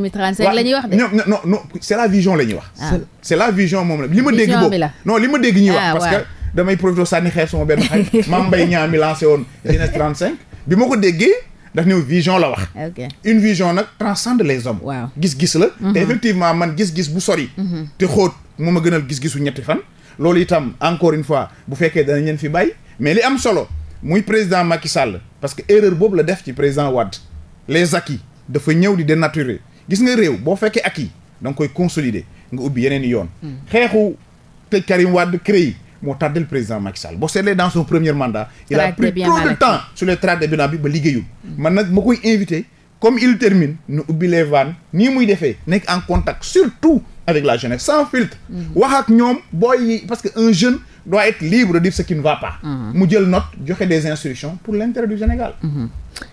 B: ñoom non c'est la vision la wax. Ah. c'est la vision moom la li ma dégg. boobu non li ma dégg ñuy wax. Ah, parce que damay profité sànni xeer sama benn xarit. Mame Mbaye Niang mi lancé woon Genèse 35 bi ma ko déggee. daf ne vision la wax. une vision nag transcende les hommes. waaw gis-gis la. Mhm. te effectivement man gis-gis bu sori. Mhm. te moo ma gënal gis-gisu ñetti fan. loolu itam encore une fois bu fekkee dana ñeen fi bàyyi mais li am solo muy président Macky Sall parce que erreur boobu la def ci président Wade les acquis dafa ñëw di nature gis nga réew boo fekkee acquis da nga koy consolider nga ubbi yeneen i yoon. Hmm. xeexu tëj Karim Wade CREI moo tardé le président Macky boo seetlee dans son premier mandat. il a pris trop de temps sur les traces de bilan bi ba liggéeyul. Hmm. man nag ma koy invité comme il termine nu ubbi les vannes nii muy defee nekk en contact surtout. avec la jeunesse sans filtre. wax ak ñoom booy parce que un jeune doit être libre de dire ce qui ne va pas. Mm-hmm. mu jël note joxe des instructions
A: pour l'intérêt du Sénégal. Mm-hmm.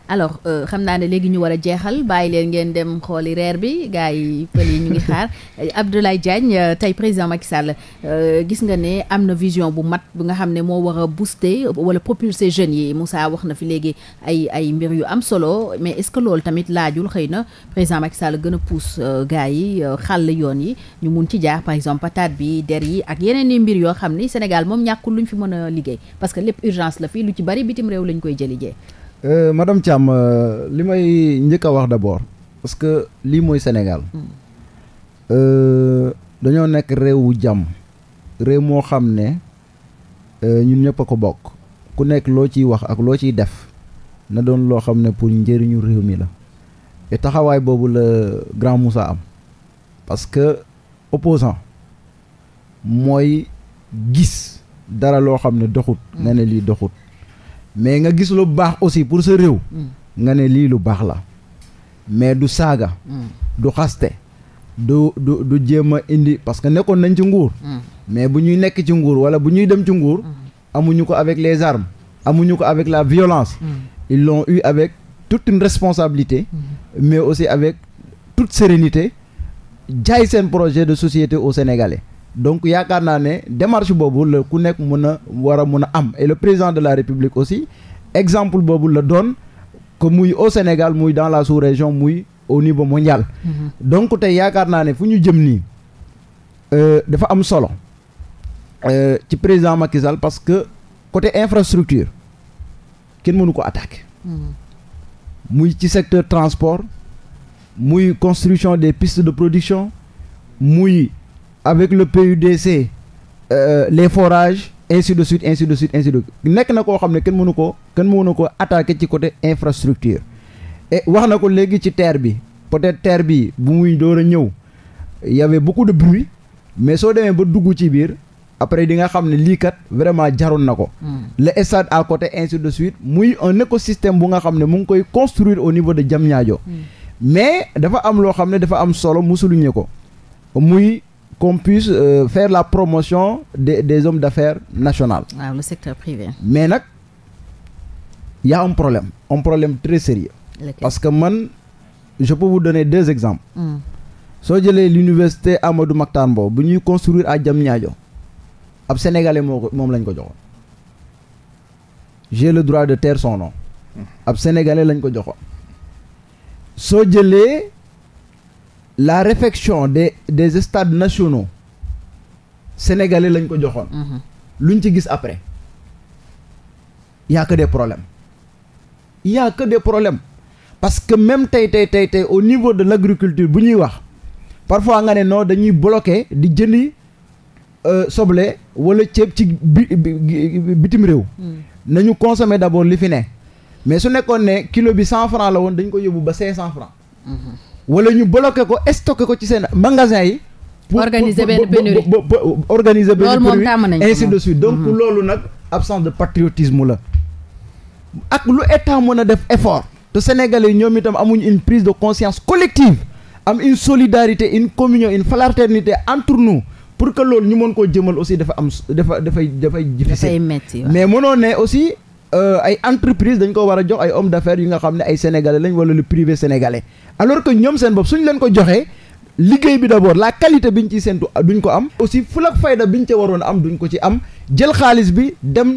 A: alors euh, xam naa ne léegi ñu war a jeexal bàyyi leen ngeen dem xooli reer bi gars yi pël yi ñu ngi xaar eh, Abdoulaye Diagne euh, tey président Macky Sall euh, gis nga ne am na vision bu mat bu nga xam ne moo war a booster wala propulser jeunes yi Moussa wax na fi léegi ay ay mbir yu am solo mais est-ce que loolu tamit laajul xëy na président Macky Sall gën a pousse gars yi xàll yoon yi ñu mun ci jaar par exemple patate bi der yi ak yeneen i mbir yoo xam ni Sénégal moom ñàkkul luñ fi mën a liggéey parce que lépp urgence la fii lu ci bari bitim réew lañ koy jëli
C: Euh, madame Thiam euh, li may njëkk a wax d'abord parce que lii mooy Sénégal mm. euh, dañoo nekk réewu jàmm réew moo xam ne ñun ñëpp a ko bokk ku nekk loo ciy wax ak loo ciy def na doon loo xam ne pour njëriñu réew mi la et taxawaay boobu la grand Moussa am parce que opposant mooy gis dara loo xam ne doxut mm. nee na lii doxut mais nga gis lu baax aussi pour sa réew. Mm. nga ne lii lu baax la. mais du saaga. Mm. du xaste. du du du jéem a indi parce que nekkoon nañ ci nguur. Mm. mais bu ñuy nekk ci nguur wala bu ñuy dem ci nguur. amuñu ko avec les armes. amuñu ko avec la violence. ils l'ont eu avec toute une responsabilité. mais aussi avec toute sérénité. jaay seen projet de société au Sénégalais. donc yaakaar naa ne démarche boobu la ku nekk mën a war a mën a am et président de la république aussi exemple boobu la doon que muy au Sénégal muy dans la sous-région muy au niveau mondial. Mm -hmm. donc tey yaakaar naa ne fu ñu jëm nii euh, dafa am solo euh, ci président Macky parce que côté infrastructure kenn mënu ko attaquer. Mm-hmm. muy ci secteur transport muy construction des pistes de production muy. avec le PUDC euh, les forages ainsi de suite ainsi de suite ainsi de suite nekk na koo xam ne kenn mënu ko kenn mënu ko attaqué ci côté infrastructure et wax na ko léegi ci terre bi peut-être terre bi bu muy door a ñëw yawe avait beaucoup de bruit mais soo demee ba dugg ci biir après di nga xam ne lii kat vraiment jaroon na ko. Hmm. le stade à côté ainsi de suite muy un écosystème bu nga xam ne mu ngi koy construire au niveau de Diamniadio. Hmm. mais dafa am loo xam ne dafa am solo mu ko qu'on puisse euh, faire la promotion des, des hommes d'affaires nationaux.
A: waaw le secteur privé.
C: mais nag y a un problème un problème très sérieux parce que man je peux vous donner deux exemples. Hmm. soo jëlee l'université Amadou Mahtar Mbow bu ñuy construire à Diamniadio ab sénégalais moo ko moom lañ ko joxoon j'ai le droit de taire sono nom hmm. ab sénégalais lañ ko joxoon soo jëlee. la réfection des des stades nationaux sénégalais lañ ko joxoon. lu mhm. luñ ci gis après y' a que des problèmes y' a que des problèmes parce que même tey tey tey tey au niveau de l' agriculture bu ñuy wax parfois nga ne non dañuy bloqué di jëndi euh, soble wala ceeb ci bi bitim réew. Hmm. nañu consommer d' abord li fi ne mais su nekkoon ne kilo bi cent franc la woon dañ ko yóbbu ba cinq cent franc. Mhm. wala ñu bloqué ko stocké ko ci seen magasin yi. pour organiser benn pénurie organiser benn pénurie ainsi de suite donc mhm. loolu nag absence de patriotisme la. ak lu état mën a def effort. te Sénégalais ñoom itam amuñu une prise de conscience collective am une solidarité une communion une fraternité entre nous pour que loolu ñu mën koo jëmal aussi dafa am dafa dafay dafay. dafay métti mais mënoo ne aussi. Euh, ay entreprise dañ ko war a jox ay hommes d'affaires yu nga xam ne ay sénégalais lañ wala le privé sénégalais alors que ñoom seen bopp suñ leen ko joxee liggéey bi d'abord la qualité biñ ci séntu ah, duñ ko am aussi fulak fayda biñ ca waroon am duñ ko ci am jël xaalis bi dem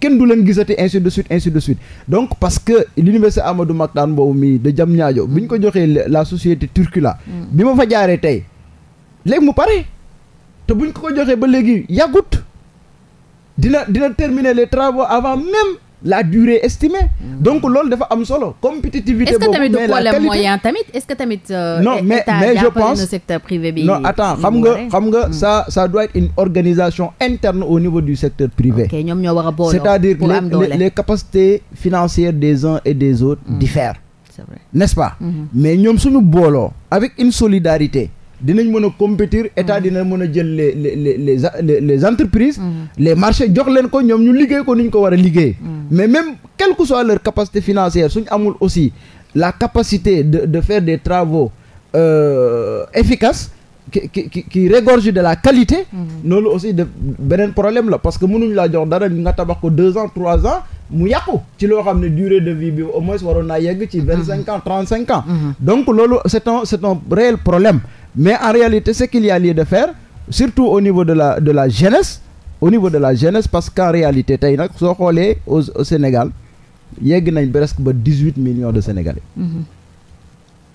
C: kenn du leen gisati ainsi de suite ainsi de suite donc parce que l'université Amadou Mahtar Mbow mi de Diamniadio bi ñu ko joxee la société Turcula mm. bi ma fa jaaree tey léegi mu pare te ba léegi yàggut dina dina terminer les travaux avant même la dure estimée. Mm. donc loolu dafa am solo. compétitivité boobu mais la qualité est ce moyen
A: tamit est ce que tamit. Euh, non mais mais je pense état secteur
C: privé bi. non xam nga xam mm. nga ça ça doit être une organisation interne au niveau du secteur privé. ok ñoom ñoo war a booloo c' est à dire les les capacités financières des uns et des autres mm. diffèrent. c'est vrai ce pas. Mm-hmm. mais ñoom suñu booloo. avec une solidarité. dinañ mën a compétir état mm-hmm. dina mën a jël le les les les entreprises. Mm-hmm. les marché jox leen ko ñoom ñu liggéey ko ni ñu ko war a liggéey. Mm-hmm. mais même quelle que soit leur capacité financière suñ amul aussi la capacité de de faire des travaux euh, ki qui qui qui regorge de la qualité. loolu aussi de beneen problème la parce que mënuñ laa jox dara nga tabax ko deux ans trois ans mu yàqu ci loo xam ne durée de vie bi au moins waroon naa yegg ci. vingt cinq ans trente cinq ans. donc loolu c'est un c'est un réel problème. mais en réalité ce qu'il de faire surtout au niveau de la de la jeunesse au niveau de la jeunesse parce qu'en réalité tey nag soo xoolee au au Sénégal yegg nañ presque ba dix-huit millions de Sénégalais mm-hmm.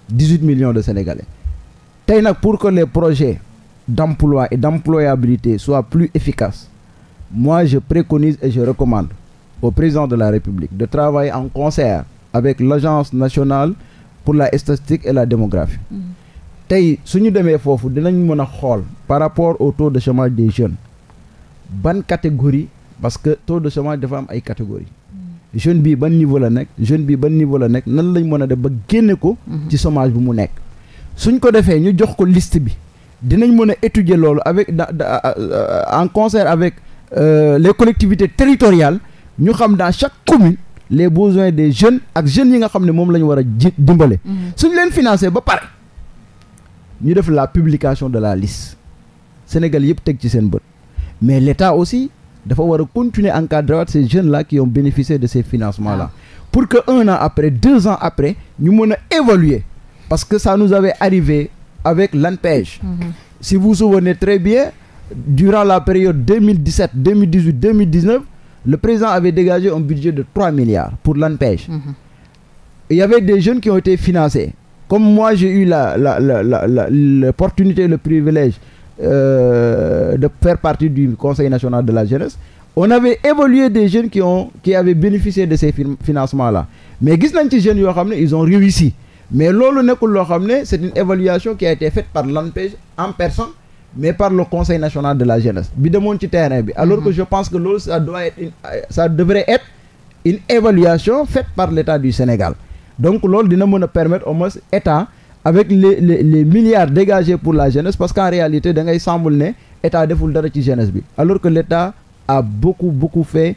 C: dix-huit millions de Sénégalais tey nag pour que les projets d'emploi et d'employabilité soient plus efficaces moi je préconise et je recommande au président de la République de travailler en concert avec l'Agence nationale pour la statistique et la démographie mm-hmm. tey suñu ñu demee foofu dinañ mën a xool par rapport au taux de chômage des jeunes ban catégorie parce que taux de chômage dafa am ay catégories
E: mm.
C: jeune bii ban niveau la nekk jeune bii ban niveau la nekk nan lañu mën a def ba génne ko mm-hmm. ci chômage bi mu nekk suñ ko defee ñu jox ko liste bi dinañ mën a étudier loolu avec en concert avec euh, les collectivités territoriales ñu xam dans chaque commune les besoins des jeunes ak jeunes yi nga xam ne moom la ñu war a ji dimbale mm-hmm. suñ leen ñu def la publication de la liste Sénégal yëpp teg ci seen bët mais l'État aussi dafa war a continuer encadrer waat ces jeunes là qui ont bénéficié de ces financements là ah. pour que un an après deux ans après ñu mën a évaluer parce que ça nous avait arrivé avec l'ANPEJ mm-hmm. si vous vous souvenez très bien durant la période 2017 2018 2019 le président avait dégagé un budget de 3 milliards pour l'ANPEJ mm-hmm. il y avait des jeunes qui ont été financés comme moi j'ai eu la la la la la l'opportunité le privilège euh, de faire partie du conseil national de la jeunesse on avait évolué des jeunes qui ont qui avaient bénéficié de ces financements là mais gis nañ ci jeunes yoo xam ne ils ont réussi mais loolu nekkul loo xam ne c'est une évaluation qui a été faite par l'ANPEJ en personne mais par le conseil national de la jeunesse bi demoon ci terrain bi alors que mm-hmm. je pense que loolu ça doit être une, une évaluation faite par l'État du Sénégal donc loolu dina mën a permettre au moins état avec les les les milliards dégagés pour la jeunesse parce qu'en réalité da ngay sàmmul ne état deful dara ci jeunesse bi alors que l'état a beaucoup beaucoup fait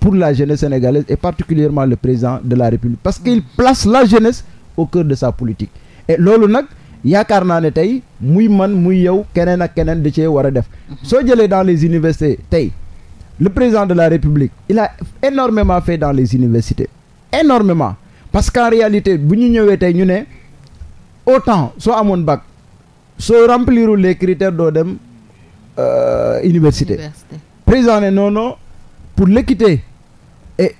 C: pour la jeunesse sénégalaise et particulièrement le président de la république parce qu'il place la jeunesse au cœur de sa politique et loolu nag yaakaar naa ne tey muy man muy yow keneen ak keneen di cee war a def soo jëlee dans les universités tey le président de la république il a énormément fait dans les universités énormément parce qu'en réalité bu ñu ñëwee tey ñu ne autant soo amoon bac soo remplirul les critères doo dem euh, université. université président ne non pour l'équité et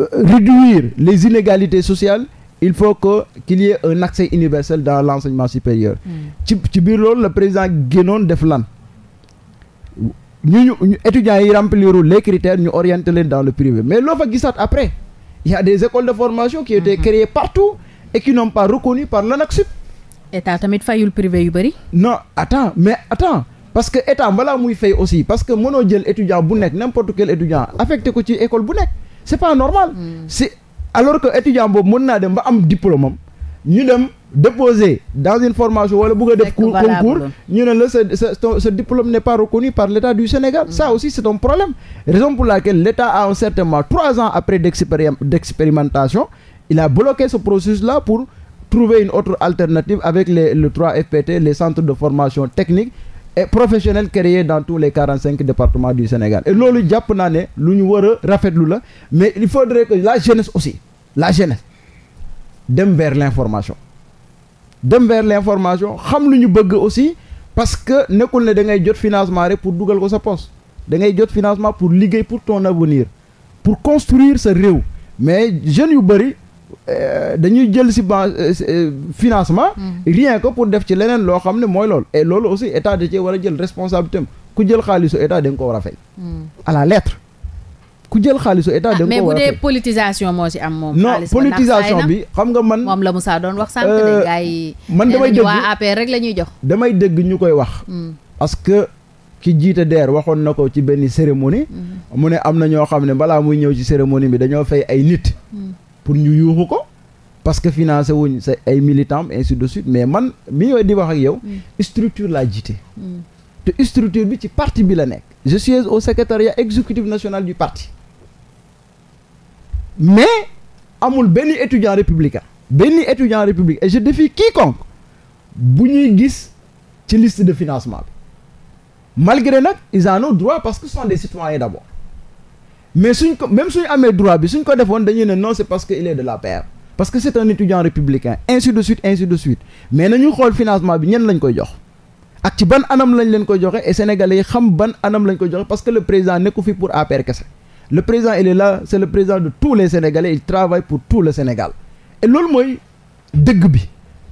C: euh, réduire les inégalités sociales il faut que qu'il y ait un accès universel dans l'enseignement supérieur hmm. ci ci biir loolu la président génnoon def lan ñu ñu étudiants yi remplirul les critères ñu orienter leen dans le privé mais loo fa gisaat après Il des écoles de formation qui ont été mhm. créées partout et qui n'ont pas reconnues par l'ANAQ-Sup.
A: état tamit fayul privé yu bëri.
C: non attends mais attends parce que état balaa muy fay aussi parce que mënoo jël étudiant bu nekk n'importe quel étudiant affecté ko ci école bu nekk c'est pas normal. Mm. alors que étudiant boobu mën naa dem ba am diplôme am ñu dem. déposer dans une formation wala bëgg a def concours ñu ne la sa sa sa diplôme n'est pas reconnu par l'État du Sénégal mmh. ça mm. aussi c'est un problème raison pour laquelle l'État a un certain moment trois ans après d'expérimentation il a bloqué ce processus-là pour trouver une autre alternative avec les le 3FPT les centre de formation technique et professionnels créés dans tous les quarante cinq départements du Sénégal et loolu jàpp naa ne lu ñu war a rafetlu la mais il faudrait que la jeunesse aussi la jeunesse dem vers l'information dem vers l'information xam lu ñu bëgg aussi parce que nekkul ne da ngay jot financement rek pour dugal ko sa poste da ngay jot financement pour liggéey pour ton avenir pour construire sa réew mais jeunes yu bëri euh, dañuy jël si ban euh, euh, financement mm. rien que pour def ci leneen loo xam ne mooy lool et loolu aussi état da cee war a jël responsabilité ku jël xaalisu état da nga ko war a fay mm. à la lettre ku jël xaalisu état ah, da nga mais bu dee
A: politisation moo ci am moom. xaalis politisation bi xam nga man. moom la Moussa doon wax sànq ne euh, gars yi. man damay dégg waa rek la ñuy jox.
C: damay dégg ñu koy wax. Hmm. parce que ki jiite DER waxoon na ko ci benn cérémonie. Hmm. mu ne am na ñoo xam ne balaa muy ñëw ci cérémonie bi dañoo fay ay nit. Hmm. pour ñu yuuxu ko. parce que financé wuñ sa ay militants ainsi de suite mais man bi ñëwee di wax ak yow. structure laa jiite. te structure bi ci parti bi la nekk. je suis au secrétariat exécutif national parti. mais amul benn étudiant républicain benn étudiant républicain et je défie quiconque bu ñuy gis ci liste de financement bi malgré nag ils en ont droit parce que ce sont des citoyens d'abord mais suñ ko même suñu amee droit bi suñ ko defoon dañuy ne non c'est parce que il est de l'APR parce que c'est un étudiant républicain ainsi de suite ainsi de suite mais nañu xool financement bi ñen lañ koy jox ak ci ban anam lañ leen koy joxe et sénégalais fi pour APR kese le président il la là c'est le président de tous les il travaille pour tout le Sénégal loolu mooy dëgg bi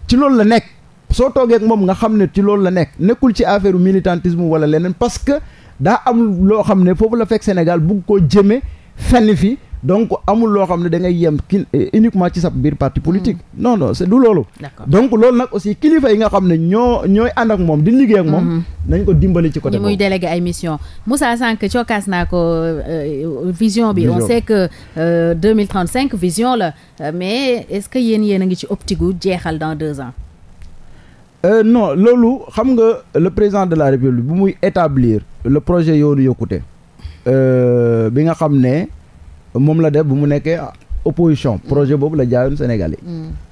C: ci loolu la nekk soo toogee moom nga xam ne ci loolu la nekk nekkul ci affaire militantisme wala leneen parce que daa am loo xam ne foofu la fekk Sénégal bugg koo jëmee fenn fi donc amul loo xam ne da ngay yem ki eh, uniquement ci sa biir parti politique mm. non non du loolu donc loolu nag aussi kilifa yi nga xam ne ñoo ñooy ànd ak moom di liggéey ak moom mm-hmm. nañ ko dimbali ci côté muy
A: délégué ay mission Moussa Sànq cokkaas naa ko euh, vision bi on sait que 2035 euh, vision la euh, mais est-ce que yéen yéen a ngi ci optique jeexal dans deux ans
C: Euh, loolu xam nga le président de la république bu muy établir le projet yoonu yokkute euh, bi nga xam ne moom la def bu mu nekkee opposition projet boobu la jaayoon Sénégal yi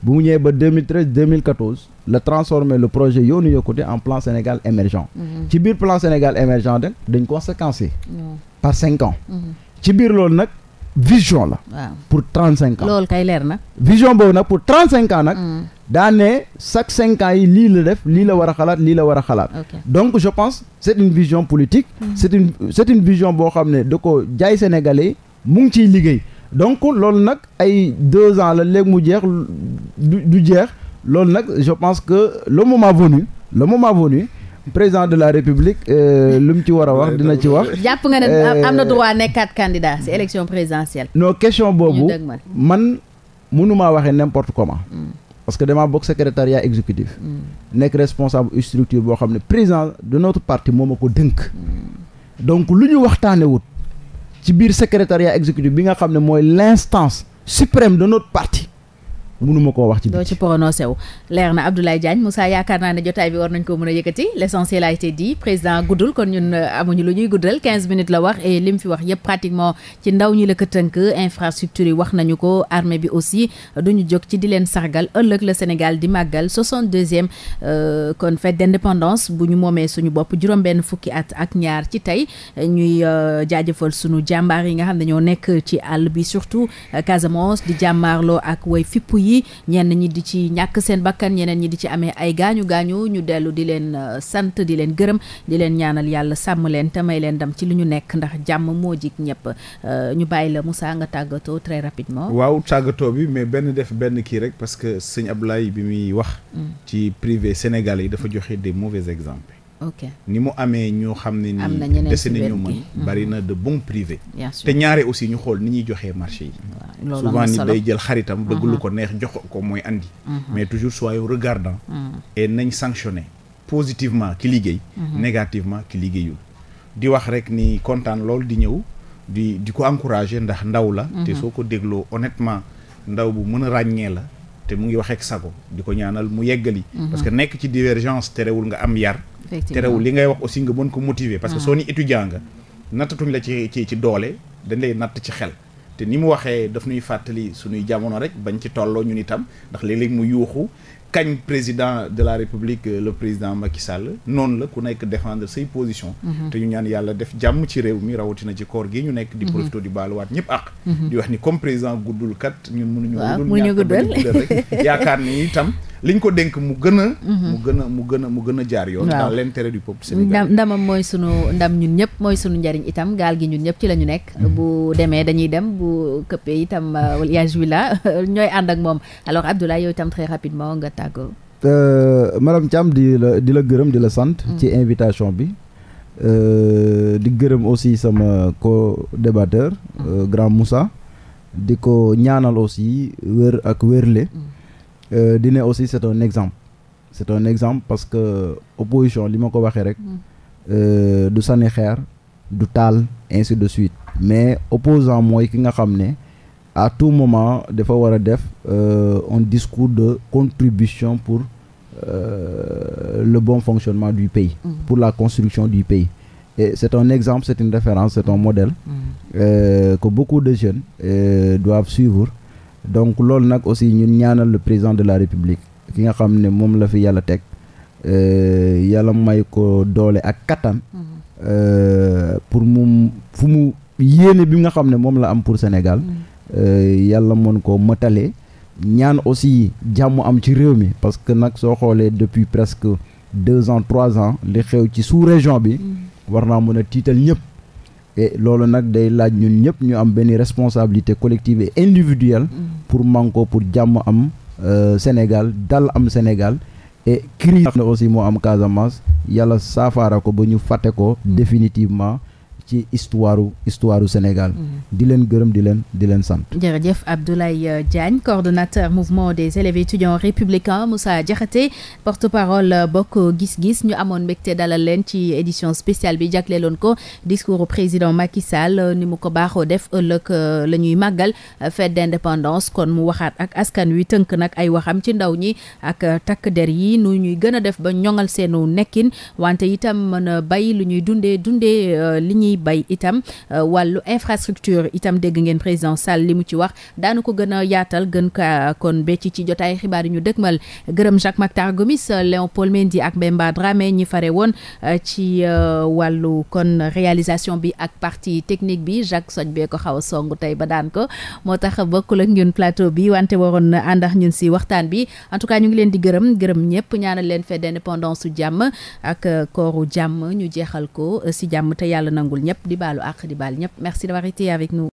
C: bu mu ñëwee ba 2013 2014 la transformer le projet yoonu yokkute en plan Sénégal émergent mhm. ci biir plan Sénégal émergent de dañ conséquence yi par cinq ans mhm. ci biir loolu nag vision la waaw pour trente ans loolu kay leer na vision boobu nag pour trente ans nag mhm. daa ne cinq ans yi lii la def lii la war a xalaat lii la war a xalaat donc je pense c'est une vision politique c'est une vision boo xam mu ngi ciy liggéey donc loolu nag ay deux ans la léegi mu jeex du jeex loolu nag je pense que le moment venu le moment venu président de la république euh, lu mu ci war a wax dina ci wax. jàpp nga ne euh, am na droit
A: nekkaat candidat ci élection présidentielle.
C: non question boobu man mënumaa waxee n'importe comment. Mm. parce que damaa bokk secrétariat exécutif. Mm. nekk responsable structure boo xam ne président de notre parti moom a ko dënk. Mm. donc lu ñu waxtaanee wut. ci biir secrétariat exécutif bi nga xam ne mooy l' instance suprême de notre parti mënuma koo wax ci biir.
A: doo ci prononcé wu leer na Abdoulaye Diagne Moussa yaakaar naa ne jotaay bi war nañ ko mën a yëkkati l' essentiel a été président guddul kon ñun euh, amuñu lu ñuy guddal 15 minutes la wax et li mu fi wax yëpp pratiquement ci ndaw ñi la ko tënk infrastructure yi wax nañu ko armée bi aussi ñu jog ci di leen sargal ëllëg la Sénégal di màggal 62e kon fet d' bu ñu moomee suñu bopp juróom-benn fukki at ak ñaar ci tey ñuy euh, jaajëfal suñu jàmbaar yi nga xam ne nekk ci àll bi surtout euh, Casamance di jàmmaarloo yi ñenn ñi di ci ñàkk seen bakkan ñeneen ñi di ci amee ay gaañu gaañu ñu dellu di leen euh, sant di leen gërëm di leen ñaanal yàlla sàmm leen te may leen dam ci li ñu nekk ndax jàmm moo jig ñëpp euh, ñu bàyyi la Moussa nga tàggatoo très rapidement. waaw
B: tàggatoo bi mais benn def benn kii rek parce que sëñ Ablaye bi muy wax. Mm. ci privé Sénégal yi dafa joxe des mauvais exemple ok ni mu amee ñoo xam ne ni dese nañu mën mhm. bari na de bon privés te ñaare aussi ñu xool ni ñuy joxee marché yi souvent ni day jël xaritam bëgg lu mhm. ko neex jox ko mooy andi mhm. mais toujours soyons regardants et nañ sanctionner positivement ki liggéey négativement ki liggéeyul di wax rek ni kontaan lool di ñëw di di ko encourager ndax ndaw la te soo ko dégloo honnêtement ndaw bu mën a ràññee la te mu ngi wax ak sago di ko ñaanal mu yeggali. Mhm. parce que nekk ci divergence terewul nga am yar. terewul li ngay wax aussi nga mën ko motiver. parce que mhm. soo ni étudiant nga nattatuñ la ci ci ci doole dañ lay natt ci xel. te ni mu waxee daf ñuy fàttali suñuy jamono rek bañ ci tolloo ñun itam ndax léeg-léeg mu yuuxu kañ président de la république euh, le président Macky Sall noonu la ku nekk défendre say position mhm. te ñu ñaan yàlla def jàmm ci réew mi rawatina ci koor gi ñu nekk di mhm. profito di baaluwaat ñëpp ak mhm. di wax ni comme président guddul kat ñun mënuñu guddul ñàkk guddal rek yaakaar ni itam liñ ko dénk mu gën a mhm. mu gën a mu gën a mu gën a jaar yoon dans l'intérêt du peuple sénégalais
A: ndamam mooy sunu ndam ñun ñëpp mooy sunu njariñ itam gaal gi ñun ñëpp ci la ñu nekk mhm. bu demee dañuy dem bu këppee itam yajwila euh, ñooy ànd ak moom alors Abdoulaye yow itam très rapidement nga tàggoo
C: euh, madame Thiam di la di la gërëm di la sant mhm. ci invitation bi euh, di gërëm aussi sama co-débatteur grand Moussa di ko ñaanal aussi wér ak wérle Euh, dina aussi c'est un exemple c'est un exemple parce que opposition li ma ko waxee rek mm. euh, du sanni xeer du taal ainsi de suite mais opposant mooy ki nga xam ne à tout moment dafa war a def euh, un discours de contribution pour le bon fonctionnement du pays mm. pour la construction du pays et c'est un exemple c'est une référence c'est un modèle mm. euh, que beaucoup de jeunes euh, doivent suivre donc loolu nag aussi ñun ñaanal le président de la république ki nga xam ne moom la fi yàlla teg euh, yàlla may ko doole ak kattan. Mm-hmm. Euh, pour mu fu mu yéene bi nga xam ne moom la am pour Sénégal. Mm-hmm. Euh, yàlla mën ko mëtale. ñaan aussi jàmm am ci réew mi parce que nag soo xoolee depuis presque deux ans trois ans li xew ci sous région bi. Mm-hmm. war naa mën a tiital ñëpp. loolu nag day laaj ñun ñëpp ñu am benn responsabilité collective et individuelle mm. pour manko pour jàmm am euh, Sénégal dal am Sénégal et crise aussi moo am Casamance yàlla saafaara ko ba ñu fàtte ko mm. définitivement ci histoire histoire u Sénégal. Mhm. di leen gërëm di leen di leen sant.
A: jërëjëf Abdoulaye euh, Diagne coordonateur mouvement des élèves étudiants républicains Moussa Diakhaté porte-parole euh, bokk gis-gis ñu amoon mbégte dalal leen ci édition spéciale bi jagleeloon ko discours président Macky Sall euh, ni mu ko baaxoo def ëllëg la ñuy màggal fête d'indépendance kon mu waxaat ak askan wi tënk nag ay waxam ci ndaw ñi ak takk der yi nu ñuy gën a def ba ñoŋal seenu nekkin wante itam ñuy dundee dundee li ñuy ñiy bay itam euh, wàllu infrastructure itam dégg ngeen président Sall li mu ci wax daanu ko gën a yaatal gën ka kon becc ci jotaay xibaar yu ñu dëgmal gërëm Jacques sa Gomis Léopold Mendy ak Bemba Dramé ñi fare woon euh, ci euh, wàllu kon réalisation bi ak partie technique bi Jacques soj bee ko xaw a tey ba daan ko moo tax bokkul ak ñun plateau bi wante waroon na ànd ak ñun si waxtaan bi en tout cas ñu ngi leen di gërëm gërëm ñëpp ñaanal leen fête d'indépendance ko si jàmm te yàlla ñëpp di baalu àq di baal ñëpp merci d'avoir été avec nous